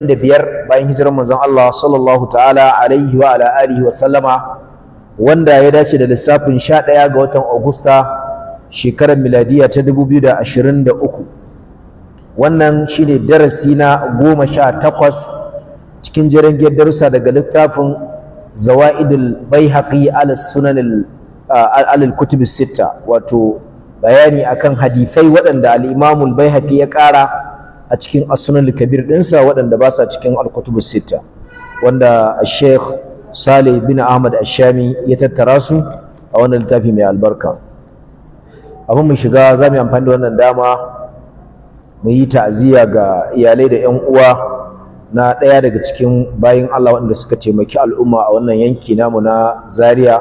da biyar bayan hijirar manzon Allah sallallahu ta'ala alaihi wa ala alihi wa sallama wanda ya dace da lissafin ɗaya ga watan Agusta shekarar miladiya ta 2023 wannan shine darasi na goma sha takwas cikin jirangiyar darussa daga littafin Zawaidul Baihaqi ala Sunan al Kutub Sitta wato bayani akan hadisai waɗanda al-Imam al-Baihaqi ya ƙara a cikin as kabir ɗinsa, waɗanda ba sa cikin al-kutubu sita wanda Sheikh Sale bin Ahmad Ashami ya tattara su a wannan littafi mai albarka abin mu shiga za mu amfani da wannan dama mu yi ta'aziyya ga iyalai da 'yan uwa na ɗaya daga cikin bayan Allah waɗanda suka taimaki al'umma a wannan yanki namu na Zaria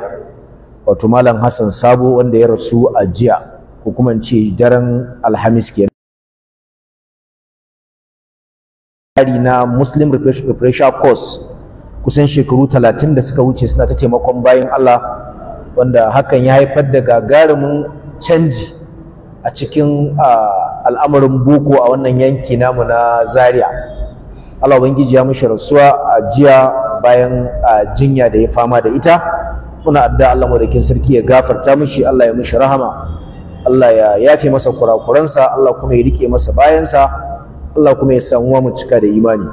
wato Malam Hassan Sabo wanda ya rasu a jiya ko kuma ce daren Alhamis kenan tsari na Muslim Refresher Course kusan shekaru talatin da suka wuce suna ta taimakon bayan Allah wanda hakan ya haifar da gagarumin canji a cikin al'amarin boko a wannan yanki namu na Zaria Allah ubangiji ya mishi rasuwa a jiya bayan jinya da ya fama da ita muna adda Allah madaukin sarki ya gafarta mishi Allah ya mishi rahama Allah ya yafe masa kurakuransa Allah kuma ya rike masa bayansa Allah kuma ya samu mu cika da imani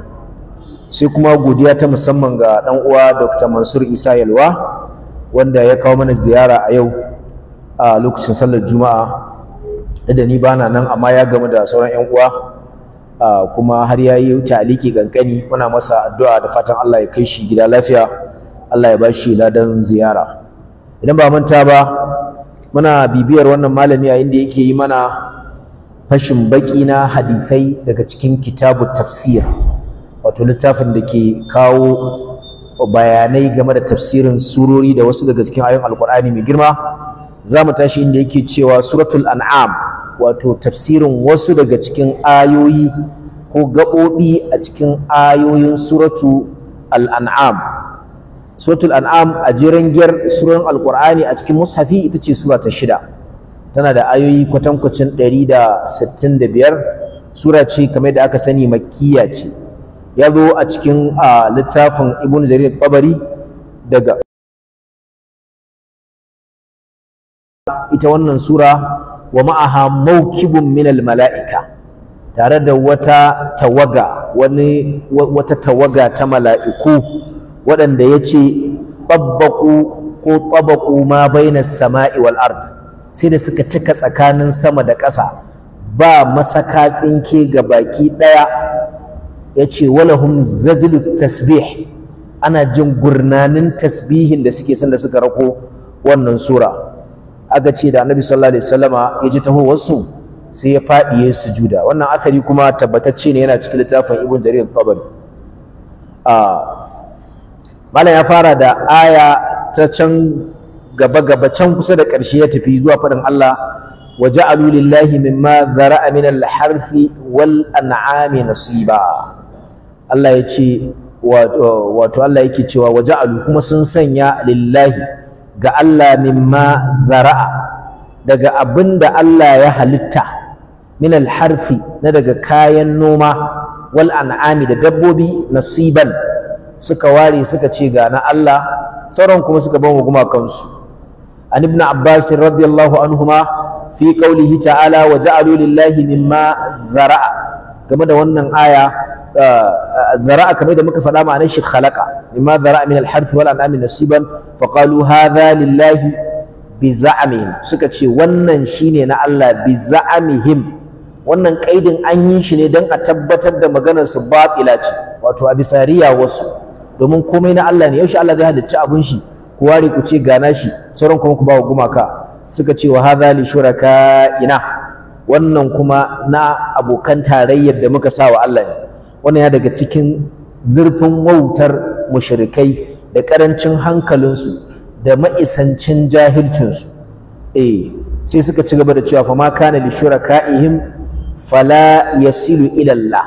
sai kuma godiya ta musamman ga dan uwa Dr. Mansur Isa Yalwa wanda ya kawo mana ziyara a yau a lokacin sallar Juma'a da ni bana nan amma ya gamu da sauran 'yan uwa kuma har ya yi taliki kankani muna masa addu'a da fatan Allah ya kai shi gida lafiya Allah ya bashi ladan ziyara idan ba manta ba muna bibiyar wannan malami yayin da yake yi mana fashin baki na hadisai daga cikin kitabu tafsir wato littafin da ke kawo bayanai game da tafsirin surori da wasu daga cikin ayoyin alkur'ani mai girma za mu tashi inda yake cewa suratul an'am wato tafsirin wasu daga cikin ayoyi ko gaɓoɓi a cikin ayoyin suratu al'an'am suratul an'am a jiran giyar suran alkur'ani a cikin mushafi ita ce sura ta shida tana da ayoyi kwatankwacin 165 sura ce kamar da aka sani Makiya ce ya zo a cikin littafin ibn jarir tabari daga ita wannan sura wa ma'aha mawkibun minal mala'ika tare da wata tawaga wani wata tawaga ta mala'iku waɗanda ya ce ɓabbaƙu ko ɓabaƙu ma bainar sama'i wal ard sai da suka cika tsakanin sama da ƙasa ba masaka tsinke ga baki ɗaya ya ce walahum zajilu tasbih ana jin gurnanin tasbihin da suke sanda suka rako wannan sura aka ce da annabi sallallahu alaihi wasallama ya ji tahowarsu sai ya faɗi ya sujuda wannan athari kuma tabbatacce ne yana cikin littafin ibn jarir tabari ah, malam ya fara da aya ta can gaba-gaba can kusa da ƙarshe ya tafi zuwa faɗin Allah wa ja'alu lillahi mimma zara'a min al-harfi wal an'ami nasiba Allah ya ce wato Allah yake cewa wa ja'alu kuma sun sanya lillahi ga Allah mimma zara'a daga abinda Allah ya halitta min al-harfi na daga kayan noma wal an'ami da dabbobi nasiban suka ware suka ce ga na Allah sauran kuma suka ban hukuma kansu an ibn abbas radiyallahu anhuma fi qawlihi ta'ala waje ja'alu lillahi mimma zara'a game da wannan aya zara'a kamar da muka faɗa ma'anar shi khalaqa mimma zara'a min al-harth wal an'am nasiban fa qalu hadha lillahi bi za'amihim suka ce wannan shine na Allah bi za'amihim wannan kaidin an yi shi ne don a tabbatar da maganar su batila ce wato a bisa wasu domin komai na Allah ne yaushe Allah zai halicci abun shi ku ware ku ce gana shi sauran kuma ku ba wa gumaka suka ce wa hadha li shuraka ina wannan kuma na abokan tarayyar da muka sa wa Allah ne wannan ya daga cikin zurfin wautar mushrikai da karancin hankalinsu da ma'isancin jahilcinsu eh sai suka ci gaba da cewa fa ma kana li shuraka'ihim fala yasilu ila Allah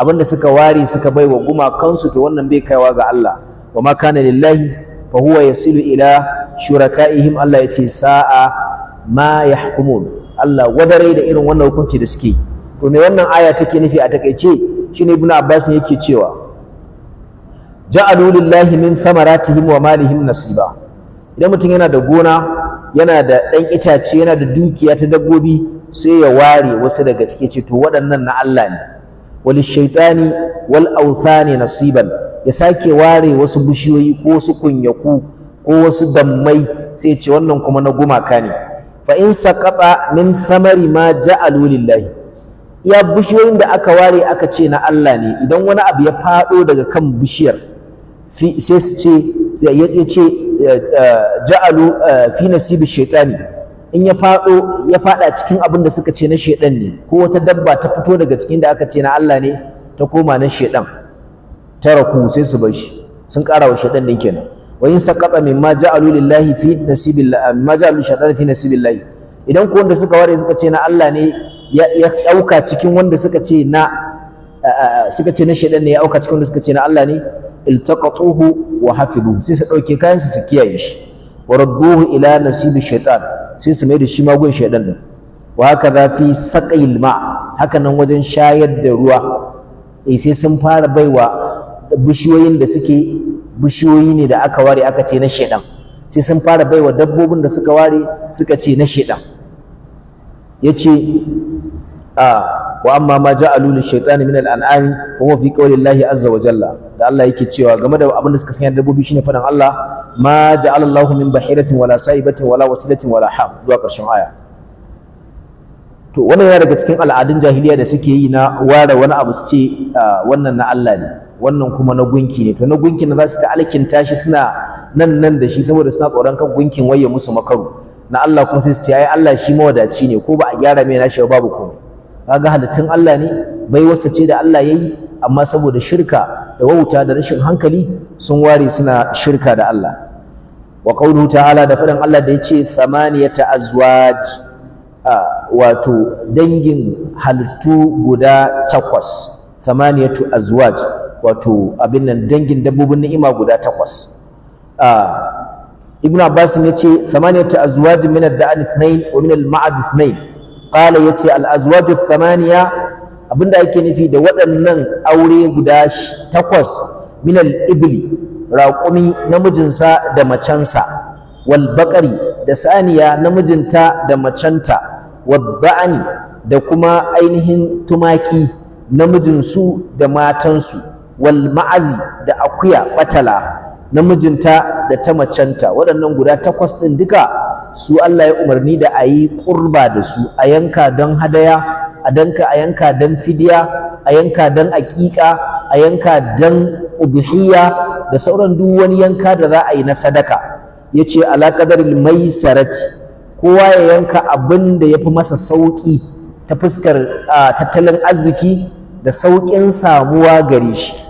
abinda suka ware suka baiwa gumakansu to wannan bai kaiwa ga Allah wa ma kana lillahi fa huwa yasilu ila shuraka'ihim Allah yace sa'a ma yahkumun Allah wadare da irin wannan hukunci da suke to me wannan aya take nufi a takeice shine ibnu abbas yake cewa ja'alu lillahi min thamaratihim wa malihim nasiba idan mutum yana da gona yana da ɗan itace yana da dukiya ta dabbobi sai ya ware wasu daga ciki ce to waɗannan na Allah ne wal shaitani wal awthani nasiban ya sake ware wasu bishiyoyi ko wasu kunyaku ko wasu dammai sai ce wannan kuma na gumaka ne fa in saqata min thamari ma ja'alu lillahi iya bishiyoyin da aka ware aka ce na Allah ne idan wani abu ya fado daga kan bishiyar sai su ce ya ce eh, eh, ja'alu eh, fi nasibi shaytani in ya fado ya fada cikin abin da suka ce na shaitan ne ko wata dabba ta fito daga cikin da aka ce na Allah ne ta koma na shaiɗan? taraku sai su bar shi sun ƙara wa shaidan din kenan wa in min ma ja'alu lillahi fi nasibillahi ma ja'alu shaidan fi nasibillahi idan ko wanda suka ware suka ce na Allah ne ya ɗauka cikin wanda suka ce na suka ce na shaidan ne ya auka cikin wanda suka ce na Allah ne iltaqatuhu wa hafidu sai su ɗauke kayan su su kiyaye shi wa radduhu ila nasibi shaitan sai su mai da shi magun shaidan din wa haka za fi saƙayil ma haka nan wajen shayar da ruwa eh, sai sun fara baiwa bishiyoyin da suke bishiyoyi ne da aka ware aka ce na shedan sai sun fara baiwa dabbobin da suka ware suka ce na shedan yace a wa amma ma ja lish-shaytani min al-an'ami fa huwa fi qawli Allah azza wa jalla da Allah yake cewa game da abin da suka sanya dabbobi shine fadan Allah ma min Allahu min bahiratin wala sa'ibatin wala wasilatin wala ham zuwa karshen aya to wannan yana daga cikin al'adun jahiliya da suke yi na ware wani abu su ce wannan na Allah ne wannan kuma na gunki ne to na gunkin za su ta alkinta shi suna nan nan da shi saboda suna tsoron kan gunkin waye musu makaru na Allah kuma sai su ce ai Allah shi mawadaci ne ko ba a gyara mai nashi babu komai kaga halittun Allah ne bai wasa ce da Allah yayi amma saboda shirka da wauta da rashin hankali sun ware suna shirka da Allah wa qawluhu ta'ala da faɗan Allah da yace samaniyata azwaj wato dangin halittu guda takwas samaniyatu azwaj wato abin nan dangin dabbobin ni'ima guda takwas ah, ibnu abbas ne ce thamaniyatu azwajin min ad-da'n ithnain wa min al-ma'ad ithnain qala yace al-azwaju thamaniya abinda ake nufi da waɗannan aure guda takwas min al-ibli raƙumi namijinsa da macensa wal da saniya namijinta da macenta wadda'ani da kuma ainihin tumaki namijinsu da matansu wal ma'azi da akuya batala namijinta da ta macenta waɗannan guda takwas ɗin duka su Allah ya umarni da a yi ƙurba da su a yanka don hadaya a danka a yanka don fidiya a yanka don aƙiƙa a yanka don udhiyya da sauran duk wani yanka da za a yi na sadaka ya ce alaƙadaril mai sarati kowa ya yanka abin da ya fi masa sauƙi ta fuskar tattalin arziki da sauƙin samuwa gare shi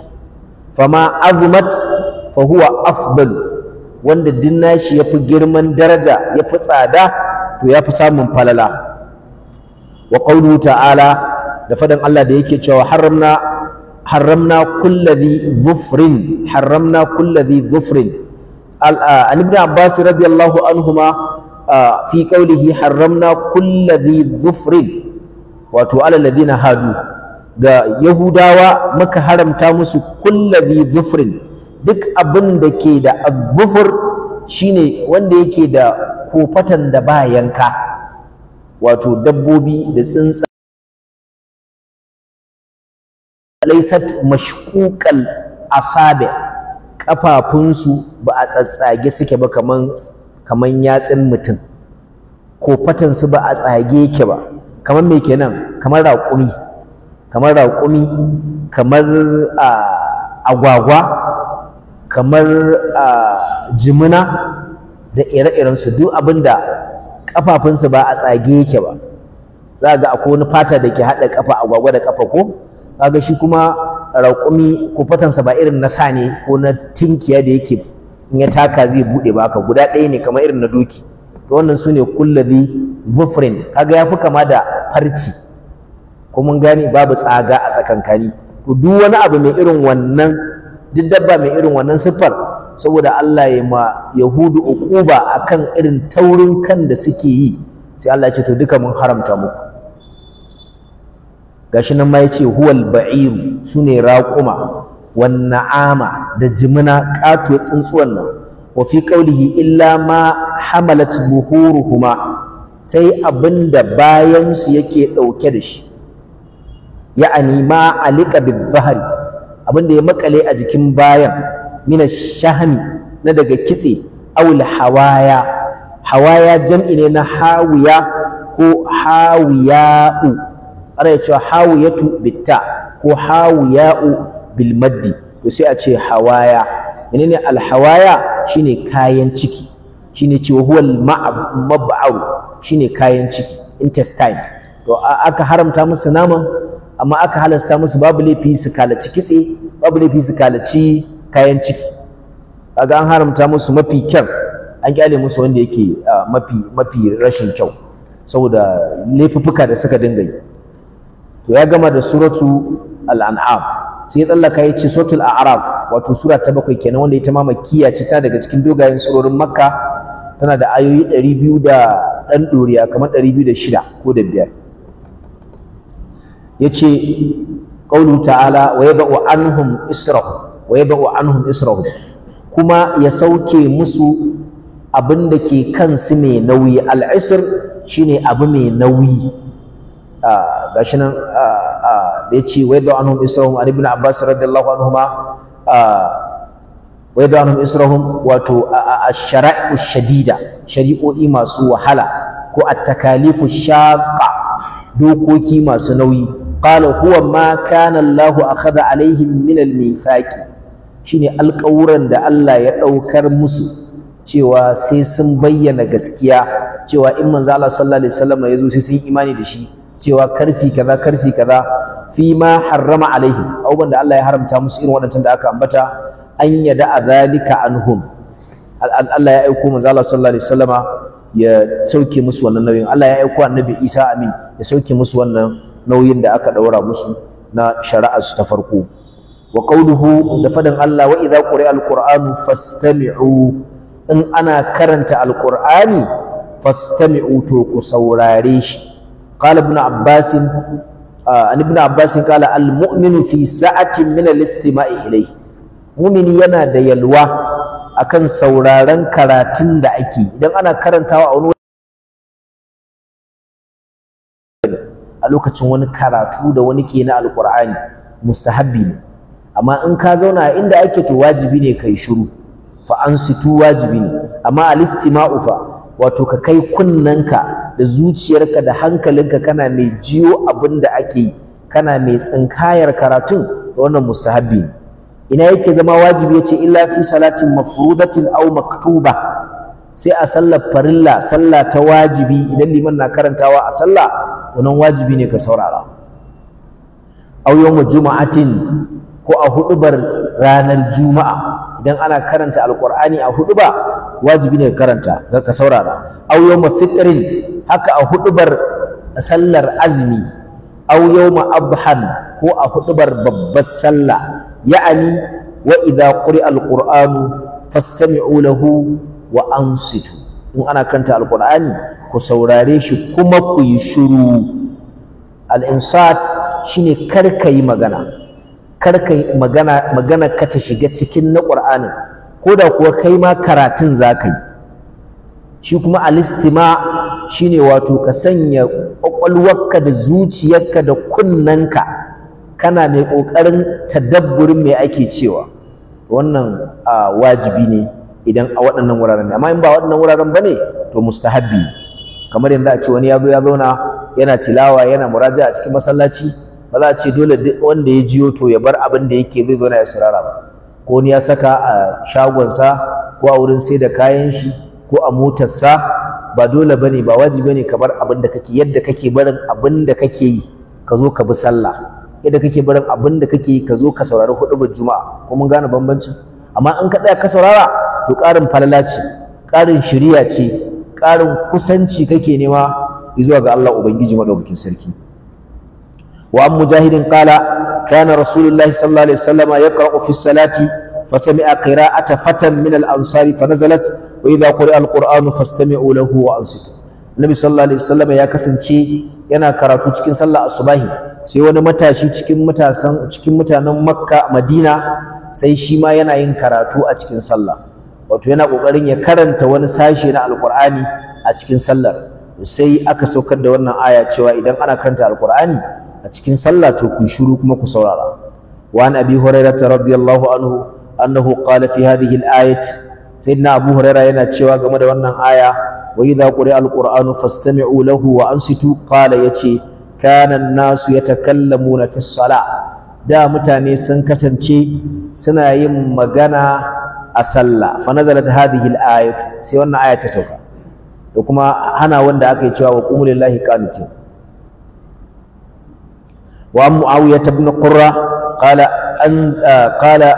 fama azumat fa huwa afdal wanda dinna shi yafi girman daraja yafi tsada to yafi samun falala wa qawluhu ta'ala da fadan Allah da yake cewa haramna haramna kulladhi dhufrin haramna kulladhi ibn abbas radiyallahu anhuma fi qawlihi haramna kulladhi dhufrin wato ala na hadu ga yahudawa muka haramta musu kullazi zufrin duk abin da ke da azzufur shine wanda yake da kofatan da ba yanka wato dabbobi da tsintsa laisat asabe asabe, kafafunsu ba a tsatsage suke ba kaman kaman yatsin mutum kofatansu ba a tsage yake ba kaman me kenan kamar raƙumi kamar raƙumi kamar agwagwa kamar jimina da ire-irensu duk abin da ƙafafunsu ba a tsage yake ba za ga akwai wani fata da ke haɗa ƙafa agwagwa da ƙafa ko kaga shi kuma raƙumi ko fatansa ba irin na sa ne ko na tinkiya da yake in ya taka zai buɗe ba ka, guda ɗaya ne kamar irin na doki to wannan su ne kullazi zufrin kaga ya fi kama da farci ko mun gane babu tsaga a tsakankani to duk wani abu mai irin wannan duk dabba mai irin wannan siffar saboda Allah ya ma yahudu uquba akan irin taurin kan da suke yi sai Allah ya ce to duka mun haramta muku gashi nan ma ce huwal ba'iru sune raquma wan na'ama da jimina katuwa tsuntsuwan nan wa fi qawlihi illa ma hamalat buhuruhuma sai abinda bayan su yake dauke da shi ya'ani ma alika bizahari abinda ya makale a jikin bayan mina shahmi na daga kitse awul hawaya hawaya jam'i ne na hawiya ko hawiya'u ya ce hawiyatu bitta ko hawiya'u bil maddi to sai a ce hawaya menene al hawaya shine kayan ciki shine cewa huwal mab'aru shine kayan ciki intestine to aka haramta musu naman amma aka halasta musu babu laifi su kalaci kitse babu laifi su kalaci kayan ciki kaga an haramta musu mafi kyan an kyale musu wanda yake mafi mafi rashin kyau saboda laifuffuka da suka dinga yi to ya gama da suratu al-an'am sai ya tsallaka ya ce suratul a'raf wato sura ta bakwai kenan wanda ita ma makkiya ce ta daga cikin dogayen surorin makka tana da ayoyi ɗari biyu da ɗan ɗoriya kamar ɗari biyu da shida ko da biyar yace qaulu ta'ala wa yad'u anhum israhu wa yad'u anhum israhu kuma ya sauke musu abin da ke kansu mai nauyi al'isr shine abu mai nauyi gashi nan da yace wa yad'u anhum israhum an ibn abbas radiyallahu anhuma wa yad'u anhum israhum wato ash-shara'u shadida shari'o'i masu wahala ko at-takalifu shaqqa dokoki masu nauyi qala huwa ma kana Allah akhadha alaihim min al-mithaqi shine alƙawuran da Allah ya ɗaukar musu cewa sai sun bayyana gaskiya cewa in manzo Allah sallallahu alaihi wasallam ya zo sai sun imani da shi cewa karsi kaza karsi kaza fi ma harrama alaihim abubuwan da Allah ya haramta musu irin waɗancan da aka ambata an yada zalika anhum Allah ya aiko manzo Allah sallallahu alaihi wasallama ya sauke musu wannan nauyin Allah ya aiko annabi Isa amin ya sauke musu wannan nauyin da aka ɗaura musu na shari'ar su ta farko wa qawluhu da faɗin Allah wa idza quri'a alqur'anu fastami'u in ana karanta alqur'ani fastami'u to ku saurare shi qala ibn abbas an ibn abbas qala almu'minu fi sa'atin min alistima'i ilayhi mu'mini yana da yalwa akan sauraren karatun da ake idan ana karantawa a wani a lokacin wani karatu da wani ke na alkur'ani mustahabbi ne amma in ka zauna a inda ake to wajibi ne kai shiru fa an ansitu wajibi ne amma alistima'u fa wato ka kai kunnanka da zuciyarka da hankalinka kana mai jiyo abin da ake yi kana mai tsinkayar karatun wannan mustahabbi ne ina yake zama wajibi yace illa fi salatin mafrudatin aw maktuba sai a sallar farilla sallah ta wajibi idan liman na karantawa a sallah wannan wajibi ne ka saurara aw yawma juma'atin ko a hudubar ranar juma'a idan ana karanta alqur'ani a huduba wajibi ne ka karanta ga ka saurara aw ma fitrin haka a hudubar sallar azmi aw yawma abhan ko a hudubar babbar sallah ya'ani wa idza quri'a alqur'anu fastami'u lahu wa ansitu in ana kanta alqur'ani ku saurare shi kuma ku yi shiru al-insat shine kar ka yi magana kar yi magana magana ka ta shiga cikin na ƙur'ani, ko da kuwa kai ma karatun za yi shi kuma alistima shine wato ka sanya ƙwaƙwalwarka da zuciyarka da kunnanka kana mai ƙoƙarin tadabburin mai ake cewa wannan ah, wajibi ne idan a waɗannan wuraren ne amma in ba waɗannan wuraren bane to mustahabbi kamar yanzu a ce wani ya zo ya zauna yana tilawa yana muraja a cikin masallaci ba za a ce dole duk wanda ya jiyo to ya bar abin da yake zai zauna ya saurara ba ko wani ya saka a shagonsa ko a wurin sai da kayan shi ko a motarsa ba dole bane ba wajibi ne ka bar abin da kake yadda kake barin abin da kake yi ka zo ka bi sallah yadda kake barin abin da kake yi ka zo ka saurari hudubar juma'a ko mun gane bambancin amma in ka tsaya ka saurara to ƙarin falala ce ƙarin shiriya ce ƙarin kusanci kake nema zuwa ga Allah ubangiji maɗaukakin sarki wa an mujahidin ƙala, kana rasulullahi sallallahu alaihi wasallama yaqra'u fi salati فسمع ansari فتى من الأنصار فنزلت وإذا قرئ القرآن فاستمعوا له ya kasance yana karatu cikin sallah asubahi sai wani matashi cikin cikin mutanen Makka Madina sai shi ma yana yin karatu a cikin sallah wato yana ƙoƙarin ya karanta wani sashi na Alƙur'ani a cikin sallar sai aka saukar da wannan aya cewa idan ana karanta Alƙur'ani a cikin sallah to ku shiru kuma ku saurara wa an abi hurairah radiyallahu anhu annahu qala fi hadhihi al-ayat sayyidina abu hurairah yana cewa game da wannan aya wa idha quri'a al-qur'anu fastami'u lahu wa ansitu qala yace kana an-nasu yatakallamuna fi as-salah da mutane sun kasance suna yin magana a sallah fa nazalat hadhihi al-ayatu sai wannan aya ta sauka da kuma hana wanda aka yi cewa wa qumu lillahi qanitin wa muawiyah ibn qurra qala an ah, qala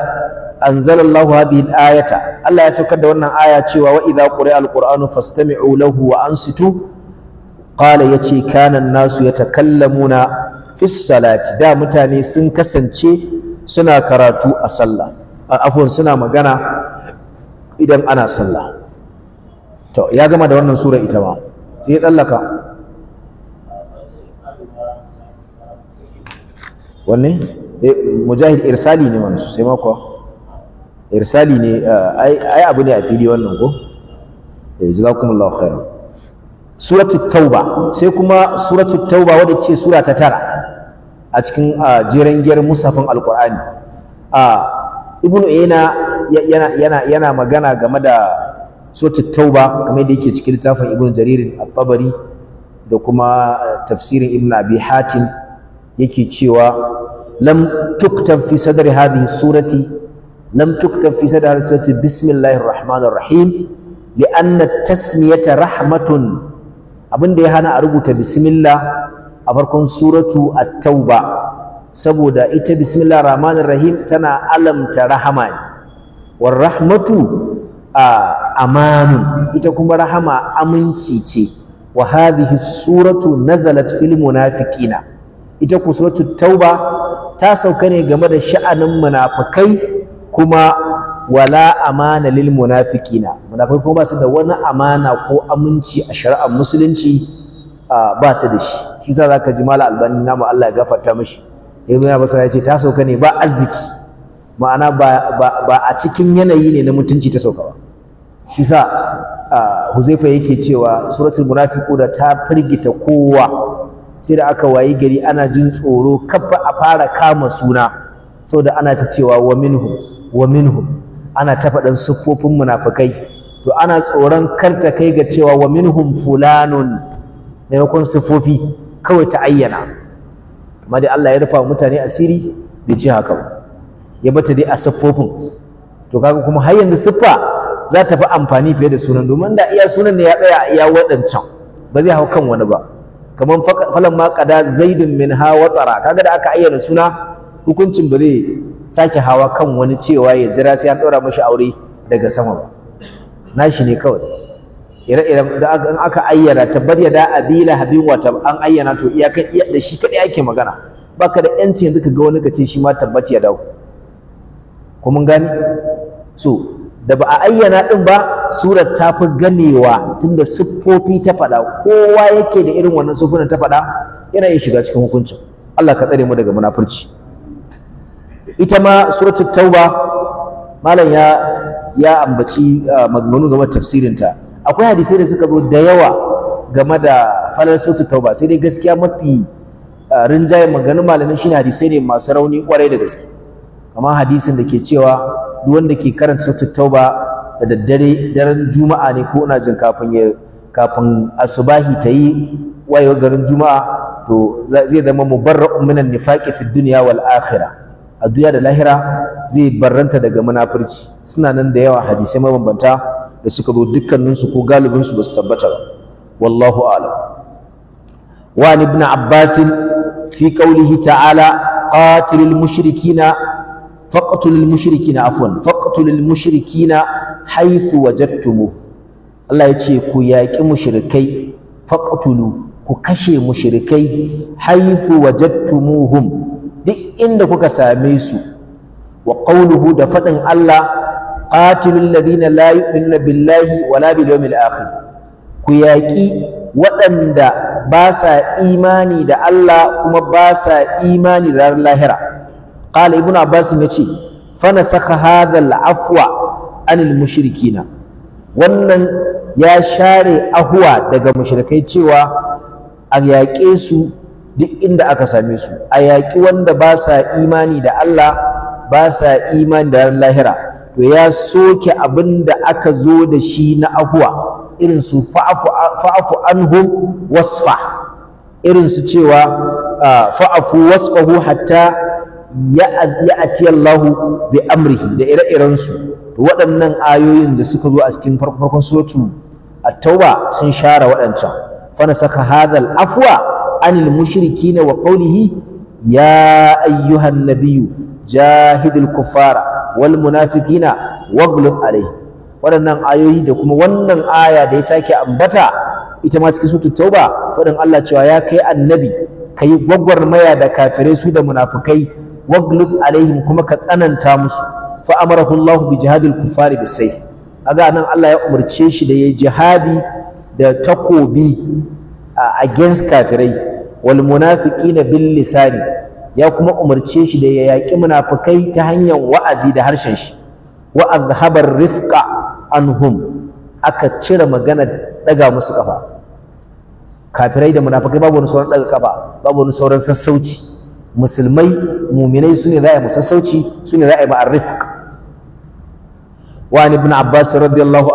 anzala Allah hadhihi al-ayata Allah ya saukar da wannan aya cewa wa idza quri'a al-qur'anu fastami'u lahu wa ansitu qala yace kana an-nasu yatakallamuna fi salati da mutane sun kasance suna karatu a sallah afwan suna magana idan ana sallah to ya gama da wannan sura ita ma sai ya tsallaka wanne eh, mujahid irsali ne wannan sosai ma kuwa irsali ne eh, ai abu ne a fili wannan ko eh, jazakumullahu khairan suratu tauba sai kuma suratu tauba wadda ce sura ta tara a cikin ah, jeren giyar musafin alqur'ani a ah, ibnu ina yana magana game da sotu tauba kamar da yake cikin littafin ibn jaririn al da kuma eh, tafsirin ibn abi hatim yake cewa lam tuktab fi sadri hadhihi surati lam tuktab fi sadri hadhihi surati bismillahir rahmanir rahim li anna tasmiyata rahmatun abinda ya hana a rubuta bismillah a farkon suratu at-tauba saboda ita bismillahir rahmanir rahim tana alamta rahama ne war rahmatu amanun ita kuma rahama aminci ce wa hadhihi suratu nazalat fil munafiqina ita ku suratu tauba ta sauka ne game da sha'anin munafikai kuma wala amana lil munafiqina munafikai kuma ba su da wani amana ko aminci a shari'ar musulunci ba su da shi shi yasa zaka ji mala albani namu Allah ya gafarta mishi yanzu ya basara ya ce ta sauka ne ba arziki ma'ana ba a cikin yanayi ne na mutunci ta sauka ba isa huzaifa yake cewa suratul da ta firgita kowa sai da aka wayi gari ana jin tsoro kafa a fara kama suna saboda ana ta cewa wa minhum wa minhum ana ta faɗin siffofin munafikai to ana tsoron kar ta kai ga cewa wa minhum fulanun maimakon siffofi kawai ta ayyana amma Allah ya rufa mutane asiri bai ce haka ba ya bata dai a siffofin to kaga kuma har yanzu siffa za ta fi amfani fiye da sunan domin da iya sunan ne ya tsaya ya waɗancan ba zai hau kan wani ba kamar falan ma kada zaidun min hawa tsara kaga da aka ayyana suna hukuncin ba zai sake hawa kan wani cewa ya jira sai an ɗora mashi aure daga sama ba nashi ne kawai ire-iren da aka ayyana tabbar ya da abila habin wata an ayyana to iyakan da shi kaɗai ake magana baka da yanci yanzu ka ga wani ka ce shi ma tabbat ya dawo ko mun gani so da ba a ayyana din ba surar ta fi ganewa tunda siffofi ta faɗa kowa yake da irin wannan siffofin ta faɗa yana iya shiga cikin hukuncin Allah ka tsare mu daga munafurci ita ma suratul tauba malam ya ya ambaci ah, maganganu game da tafsirin ta akwai hadisai da suka zo da yawa game da falal suratul tauba sai dai gaskiya mafi ah, rinjaye maganin malamin shine hadisai ne masu rauni kwarai da gaske kamar hadisin da ke cewa duk wanda ke karanta suratul tauba da daddare daren juma'a ne ko ina jin kafin ya kafin asubahi ta yi wayewa garin juma'a to zai zama mubarra'un minan nifaqi fi dunya wal akhirah a duniya da lahira zai barranta daga munafurci suna nan da yawa hadisai mabambanta da suka zo dukkaninsu ko galibinsu ba su tabbata ba wallahu a'lam wa ibn Abbas fi qawlihi ta'ala qatilul mushrikina faqtulul mushrikina afwan faqtulul mushrikina haythu wajadtumu Allah yace ku yaƙi mushrikai faqtulu ku kashe mushrikai haythu wajadtumuhum duk inda kuka same su wa qawluhu da faɗin Allah qatilul ladina la yu'minuna billahi wala bil yawmil akhir ku yaƙi waɗanda ba sa imani da Allah kuma ba sa imani da lahira qala ibnu abbas yace fa saka hadha al-afwa anil mushrikina wannan ya share ahuwa daga mushrikai cewa a yaƙe su duk inda aka same su a yaƙi wanda ba sa imani da Allah ba sa imani da lahira to ya soke abinda aka zo da shi na ahuwa irin su fa'afu anhum wasfa irin su cewa ah, fa'afu wasfahu hatta ya'ati Allahu bi amrihi da ire-iren su waɗannan ayoyin da suka zo a cikin farkon suratu at-tauba sun share waɗancan fa saka hadhal afwa anil mushrikin wa qawlihi ya ayyuhan nabiyyu jahidil kuffara wal munafiqina waghlub alayhi waɗannan ayoyi da kuma wannan aya da ya sake ambata ita ma cikin suratul tauba faɗin Allah cewa ya kai annabi kai gwagwarmaya da kafirai su da munafukai waglub alaihim kuma ka tsananta musu fa amarahu Allah bi jihadil kufari sai. sayf kaga nan Allah ya umarce shi da yayi jihadi da takobi against kafirai wal munafiqina bil lisani ya kuma umarce shi da ya yaƙi munafikai ta hanyar wa'azi da harshen shi wa azhabar rifqa anhum aka cire magana daga musu kafa kafirai da munafikai babu wani sauran daga kafa babu wani sauran sassauci musulmai muminai su ne za a yi musassauci su ne za a yi ma'arrifik وعن ابن عباس رضي الله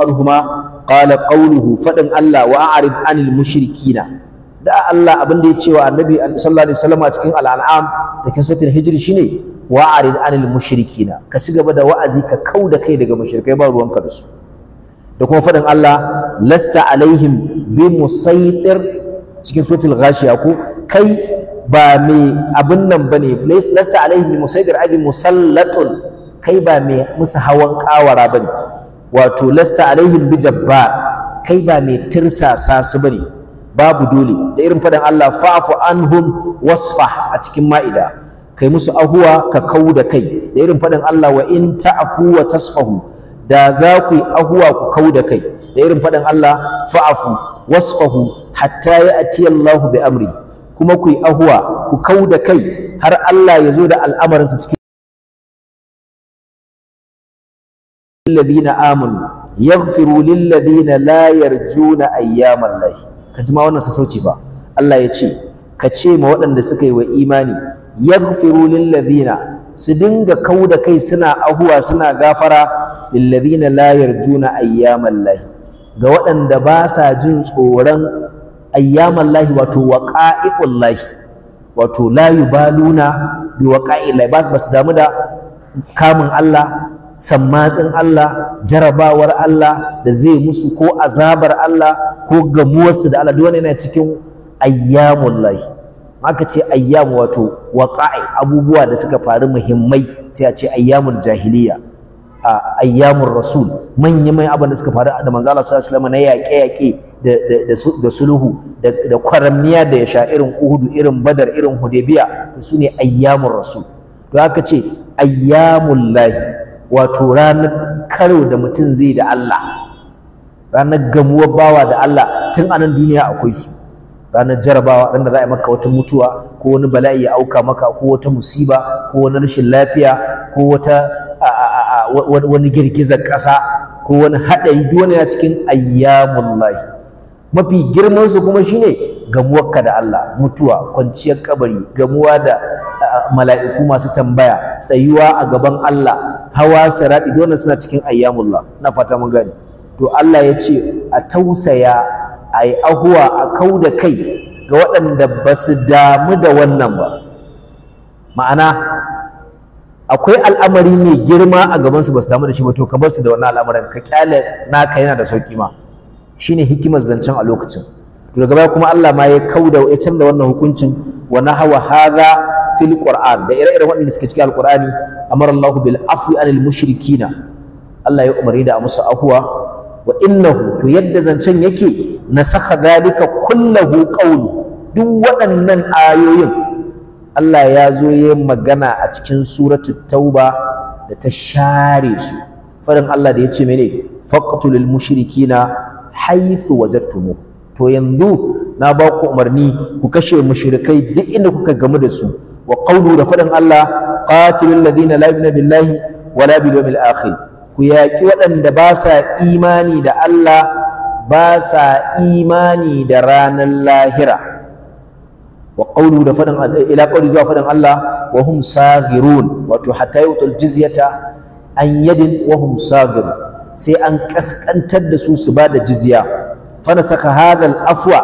qala قال fadin Allah الله وأعرض عن المشركين da Allah abin da ya ce wa annabi sallallahu alaihi wasallam a cikin al'an'am da ke sautin hijiri shine wa'arid anil mushrikina ka ci gaba da wa'azi ka kau da kai daga mushrikai ba ruwanka da su da kuma fadin Allah lasta alaihim bi musaitir cikin sautin ghashiya ko kai ba mai abin nan ba ne lasta alaihi musaidar abi musallatun kai ba mai musu hawan kawara ba ne wato lasta alaihi bi kai ba mai tirsasa su ba ne babu dole da irin faɗin Allah fa'fu anhum wasfah a cikin ma'ida kai musu ahuwa ka kau da kai da irin faɗin Allah wa in ta'fu wa tasfahu da za ku yi ahuwa ku kau da kai da irin faɗin Allah fa'afu wasfahu hatta ya ati Allahu bi amri kuma ku yi ahuwa ku kau da kai har Allah ya zo da al'amarinsa cikin alladhina amanu yaghfiru lil ladina la yarjuna ayyamal lahi Ka ma wannan sauci ba Allah ya ce ka ce ma waɗanda suka yi wa imani yaghfiru lil ladina su dinga kau da kai suna ahuwa suna gafara lil ladina la yarjuna ayyamal lahi ga waɗanda ba sa jin tsoron Allah wato lahi wato la yubaluna bi waqa'illahi ba bas damu da kamun Allah sammatsin Allah jarabawar Allah da zai musu ko azabar Allah ko gamuwarsu da Allah duk wani yana cikin ayyamullahi aka ce ayyamu wato waqa'i abubuwa da suka faru muhimmai sai a ce ayyamul jahiliya A ayyamun rasul manya manyan abin da suka faru da manzo Allah sallallahu alaihi wasallam na yaƙe-yaƙe da sulhu da kwaramniya da ya sha irin uhudu irin badar irin hudaybiya su ne ayyamun rasul to aka ce ayyamul lahi wato ranar karo da mutum zai da Allah ranar gamuwar bawa da Allah tun anan duniya akwai su ranar jarabawa ranar za a yi maka wata mutuwa ko wani bala'i ya auka maka ko wata musiba ko wani rashin lafiya ko wata wani girgizar ƙasa ko wani haɗari duk wani a cikin ayyamullahi mafi girman su kuma shine gamuwarka da Allah mutuwa kwanciyar kabari gamuwa da mala'iku masu tambaya tsayuwa a gaban Allah hawa sirati duk suna cikin ayyamullah na fata mun gani to Allah ya ce a tausaya a yi ahuwa a kau da kai ga waɗanda ba su damu da wannan ba ma'ana akwai al'amari mai girma a gabansu ba su damu da shi ba to ka bar su da wannan al'amarin ka kyale naka yana da sauki ma shine hikimar zancen a lokacin to daga baya kuma Allah ma ya kauda ya canza wannan hukuncin wa nahwa hadha fil qur'an da ire-iren waɗanda suke cikin alqur'ani amara Allahu bil afwi anil mushrikina Allah ya umari da musu afwa wa innahu to yadda zancen yake nasakha dhalika kullahu qawli duk waɗannan ayoyin Allah ya zo ya magana a cikin suratu tauba da ta share su farin Allah da ya ce mene faqtulul mushrikina haythu wajadtumu to yanzu na ba ku umarni ku kashe mushrikai duk inda kuka gamu da su wa qawlu da faɗin Allah qatilul ladina la yu'minuna billahi wala bil yawmil akhir ku yaƙi waɗanda ba sa imani da Allah ba sa imani da ranar lahira wa qawluhu da faɗin ila qawli zuwa faɗin Allah wa hum saghirun wato hatta yutul jizyata an yadin wa hum saghirun sai an kaskantar da su su bada jizya fa nasaka hadha al-afwa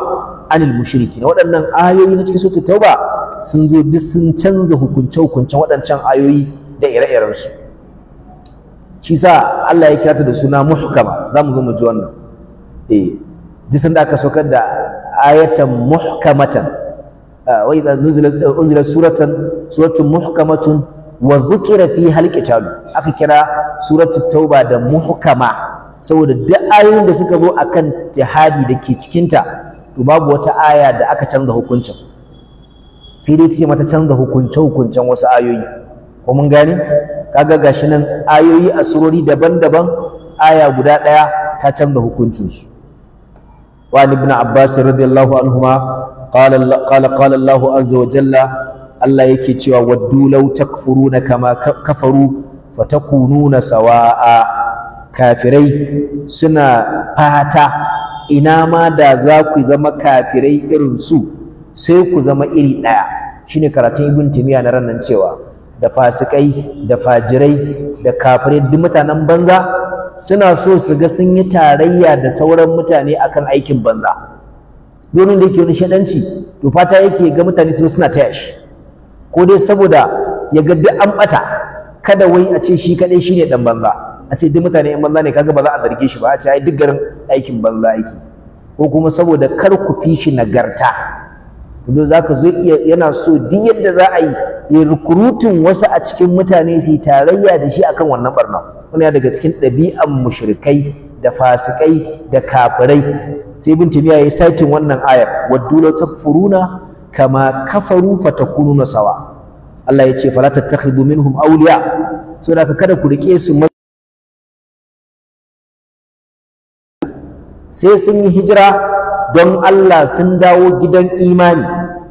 anil mushrikin waɗannan ayoyi na cikin suratul tauba sun zo duk sun canza hukunce hukuncen waɗancan ayoyi da ire-iren su shi sa Allah ya kira ta da suna muhkama Za mu zo mu ji wannan eh duk sanda aka saukar da ayatan muhkamatan wa idza unzilat suratan suratun muhkamatun wa dhukira fiha alqitalu aka kira suratul tauba da muhkama saboda duk ayoyin da suka zo akan jihadi da ke cikinta to babu wata aya da aka canza hukuncin sai dai ce mata canza hukunce hukuncen wasu ayoyi ko mun gane kaga gashi nan ayoyi a surori daban-daban aya guda ɗaya ta canza hukuncinsu wa ibn abbas radiyallahu anhuma قال قال قال Allah عز وجل yake cewa waddu law takfuruna kama kafaru fatakununa sawaa kafirai suna fata ina ma da za ku zama kafirai irin su sai ku zama iri ɗaya shine karatun ibn timiya na ran cewa da fasikai da fajirai da kafirai duk mutanen banza suna so su ga sun yi tarayya da sauran mutane akan aikin banza domin da yake wani shaɗanci to fata yake ga mutane su suna taya shi ko dai saboda ya ga duk an ɓata kada wai a ce shi kaɗai shine dan banza a ce duk mutane ɗan banza ne kaga ba za a zarge shi ba a ce ai duk garin aikin banza aiki ko kuma saboda kar ku fi shi nagarta don za ka zo iya yana so duk yadda za a yi ya rukurutun wasu a cikin mutane su yi tarayya da shi akan wannan barna wani daga cikin ɗabi'an mushrikai da fasikai da kafirai sai ibn tabiya yayi saitin wannan ayar waddu law takfuruna kama kafaru fatakununa sawa Allah ya ce fala tattakhidu minhum awliya saboda kada ku rike su sai sun yi hijira don Allah sun dawo gidan imani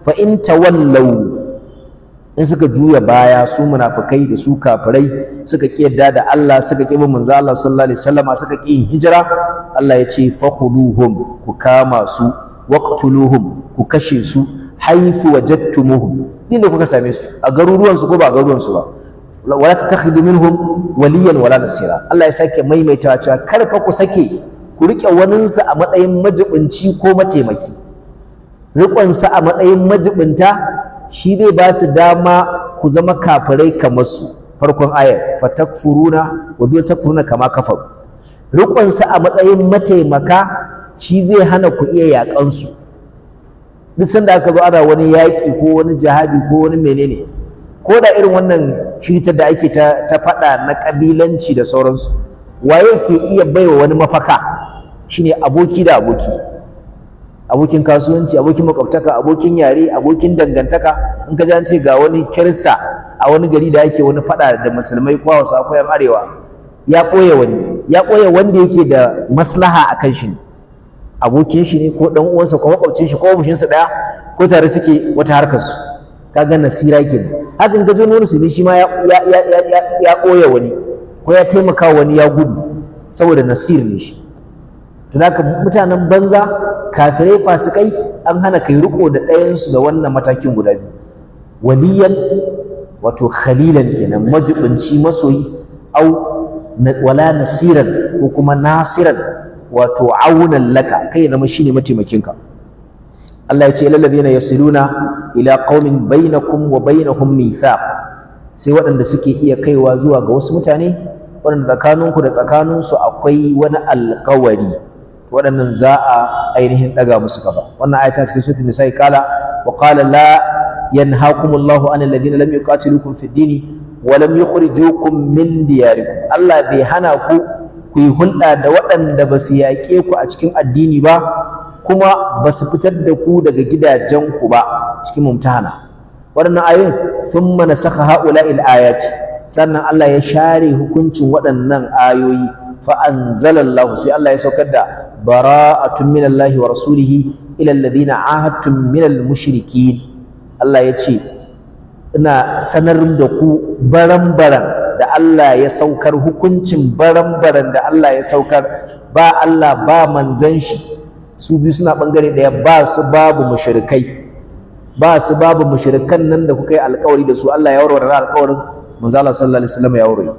fa in wallau in suka juya baya su munafikai da su kafirai suka ƙi yadda da Allah suka ƙi bin manzo Allah sallallahu alaihi wasallama suka ƙi hijira Allah ya ce fakhuduhum ku kama su waqtuluhum ku kashe su haythu wajadtumuhum inda kuka same su a garuruwan ko ba a garuruwan su ba wala tattakhidu minhum waliyan wala nasira Allah ya sake maimaita cewa kar fa ku sake ku rike waninsa a matsayin majibinci ko mataimaki sa a matsayin majibinta shi ne ba su dama ku zama kafirai kamar su farkon ayar fatakfuruna wa takfuruna kama kafaru riƙonsu a matsayin mataimaka shi zai hana ku iya yaƙansu duk sanda aka zo ana wani yaƙi ko wani jihadi ko wani menene ko da irin wannan cutar da ake ta, ta faɗa na kabilanci da sauransu waye ke iya baiwa wani mafaka shine aboki da aboki abokin kasuwanci abokin makwabtaka abokin yare abokin dangantaka in ka ji ce ga wani kirista a wani gari da ake wani faɗa da musulmai ko hausa ko yan arewa ya ɓoye wani ya ɓoye wanda yake da maslaha a kan shi ne abokin shi ne ko dan uwansa ko makwabcin shi ko ɗaya ko tare suke wata harkar su kaga nasira kenan hakan ka wani ne shi ma ya ɓoye wani ko ya taimaka wani ya gudu saboda nasir ne shi to haka mutanen banza kafirai fasikai an hana kai riko da ɗayansu da wannan matakin guda biyu waliyan wato khalilan kenan majibinci masoyi au wala nasiran ko kuma nasiran wato aunan laka kai zama shine mataimakinka Allah ya ce lil ladina yasiluna ila qaumin bainakum wa bainahum mithaq sai waɗanda suke iya kaiwa zuwa ga wasu mutane waɗanda tsakaninku da tsakaninsu akwai wani alkawari. waɗannan za a ainihin ɗaga musu kafa wannan ayatan cikin suratul nisa'i qala wa qala la yanhaakumullahu anil ladina lam yuqatilukum fid dini walam yukhrijukum min diyarikum Allah bai hana ku ku yi hulɗa da waɗanda ba su yaƙe ku a cikin addini ba kuma ba su fitar da ku daga gidajen ku ba cikin mumtahana waɗannan ayoyin sun mana saka ha'ula'il ayati sannan Allah ya share hukuncin waɗannan ayoyi fa anzalallahu sai Allah ya saukar da bara'atun minallahi wa rasulihi ila alladhina ahadtum minal mushrikin Allah ya ce ina sanar da ku baran-baran da Allah ya saukar hukuncin baran-baran da Allah ya saukar ba Allah ba manzan shi su biyu suna bangare ɗaya, ba su babu mushrikai ba su babu mushrikan nan da kuka yi alkawari da su Allah ya warware alkawarin manzo Allah sallallahu alaihi wasallam ya warware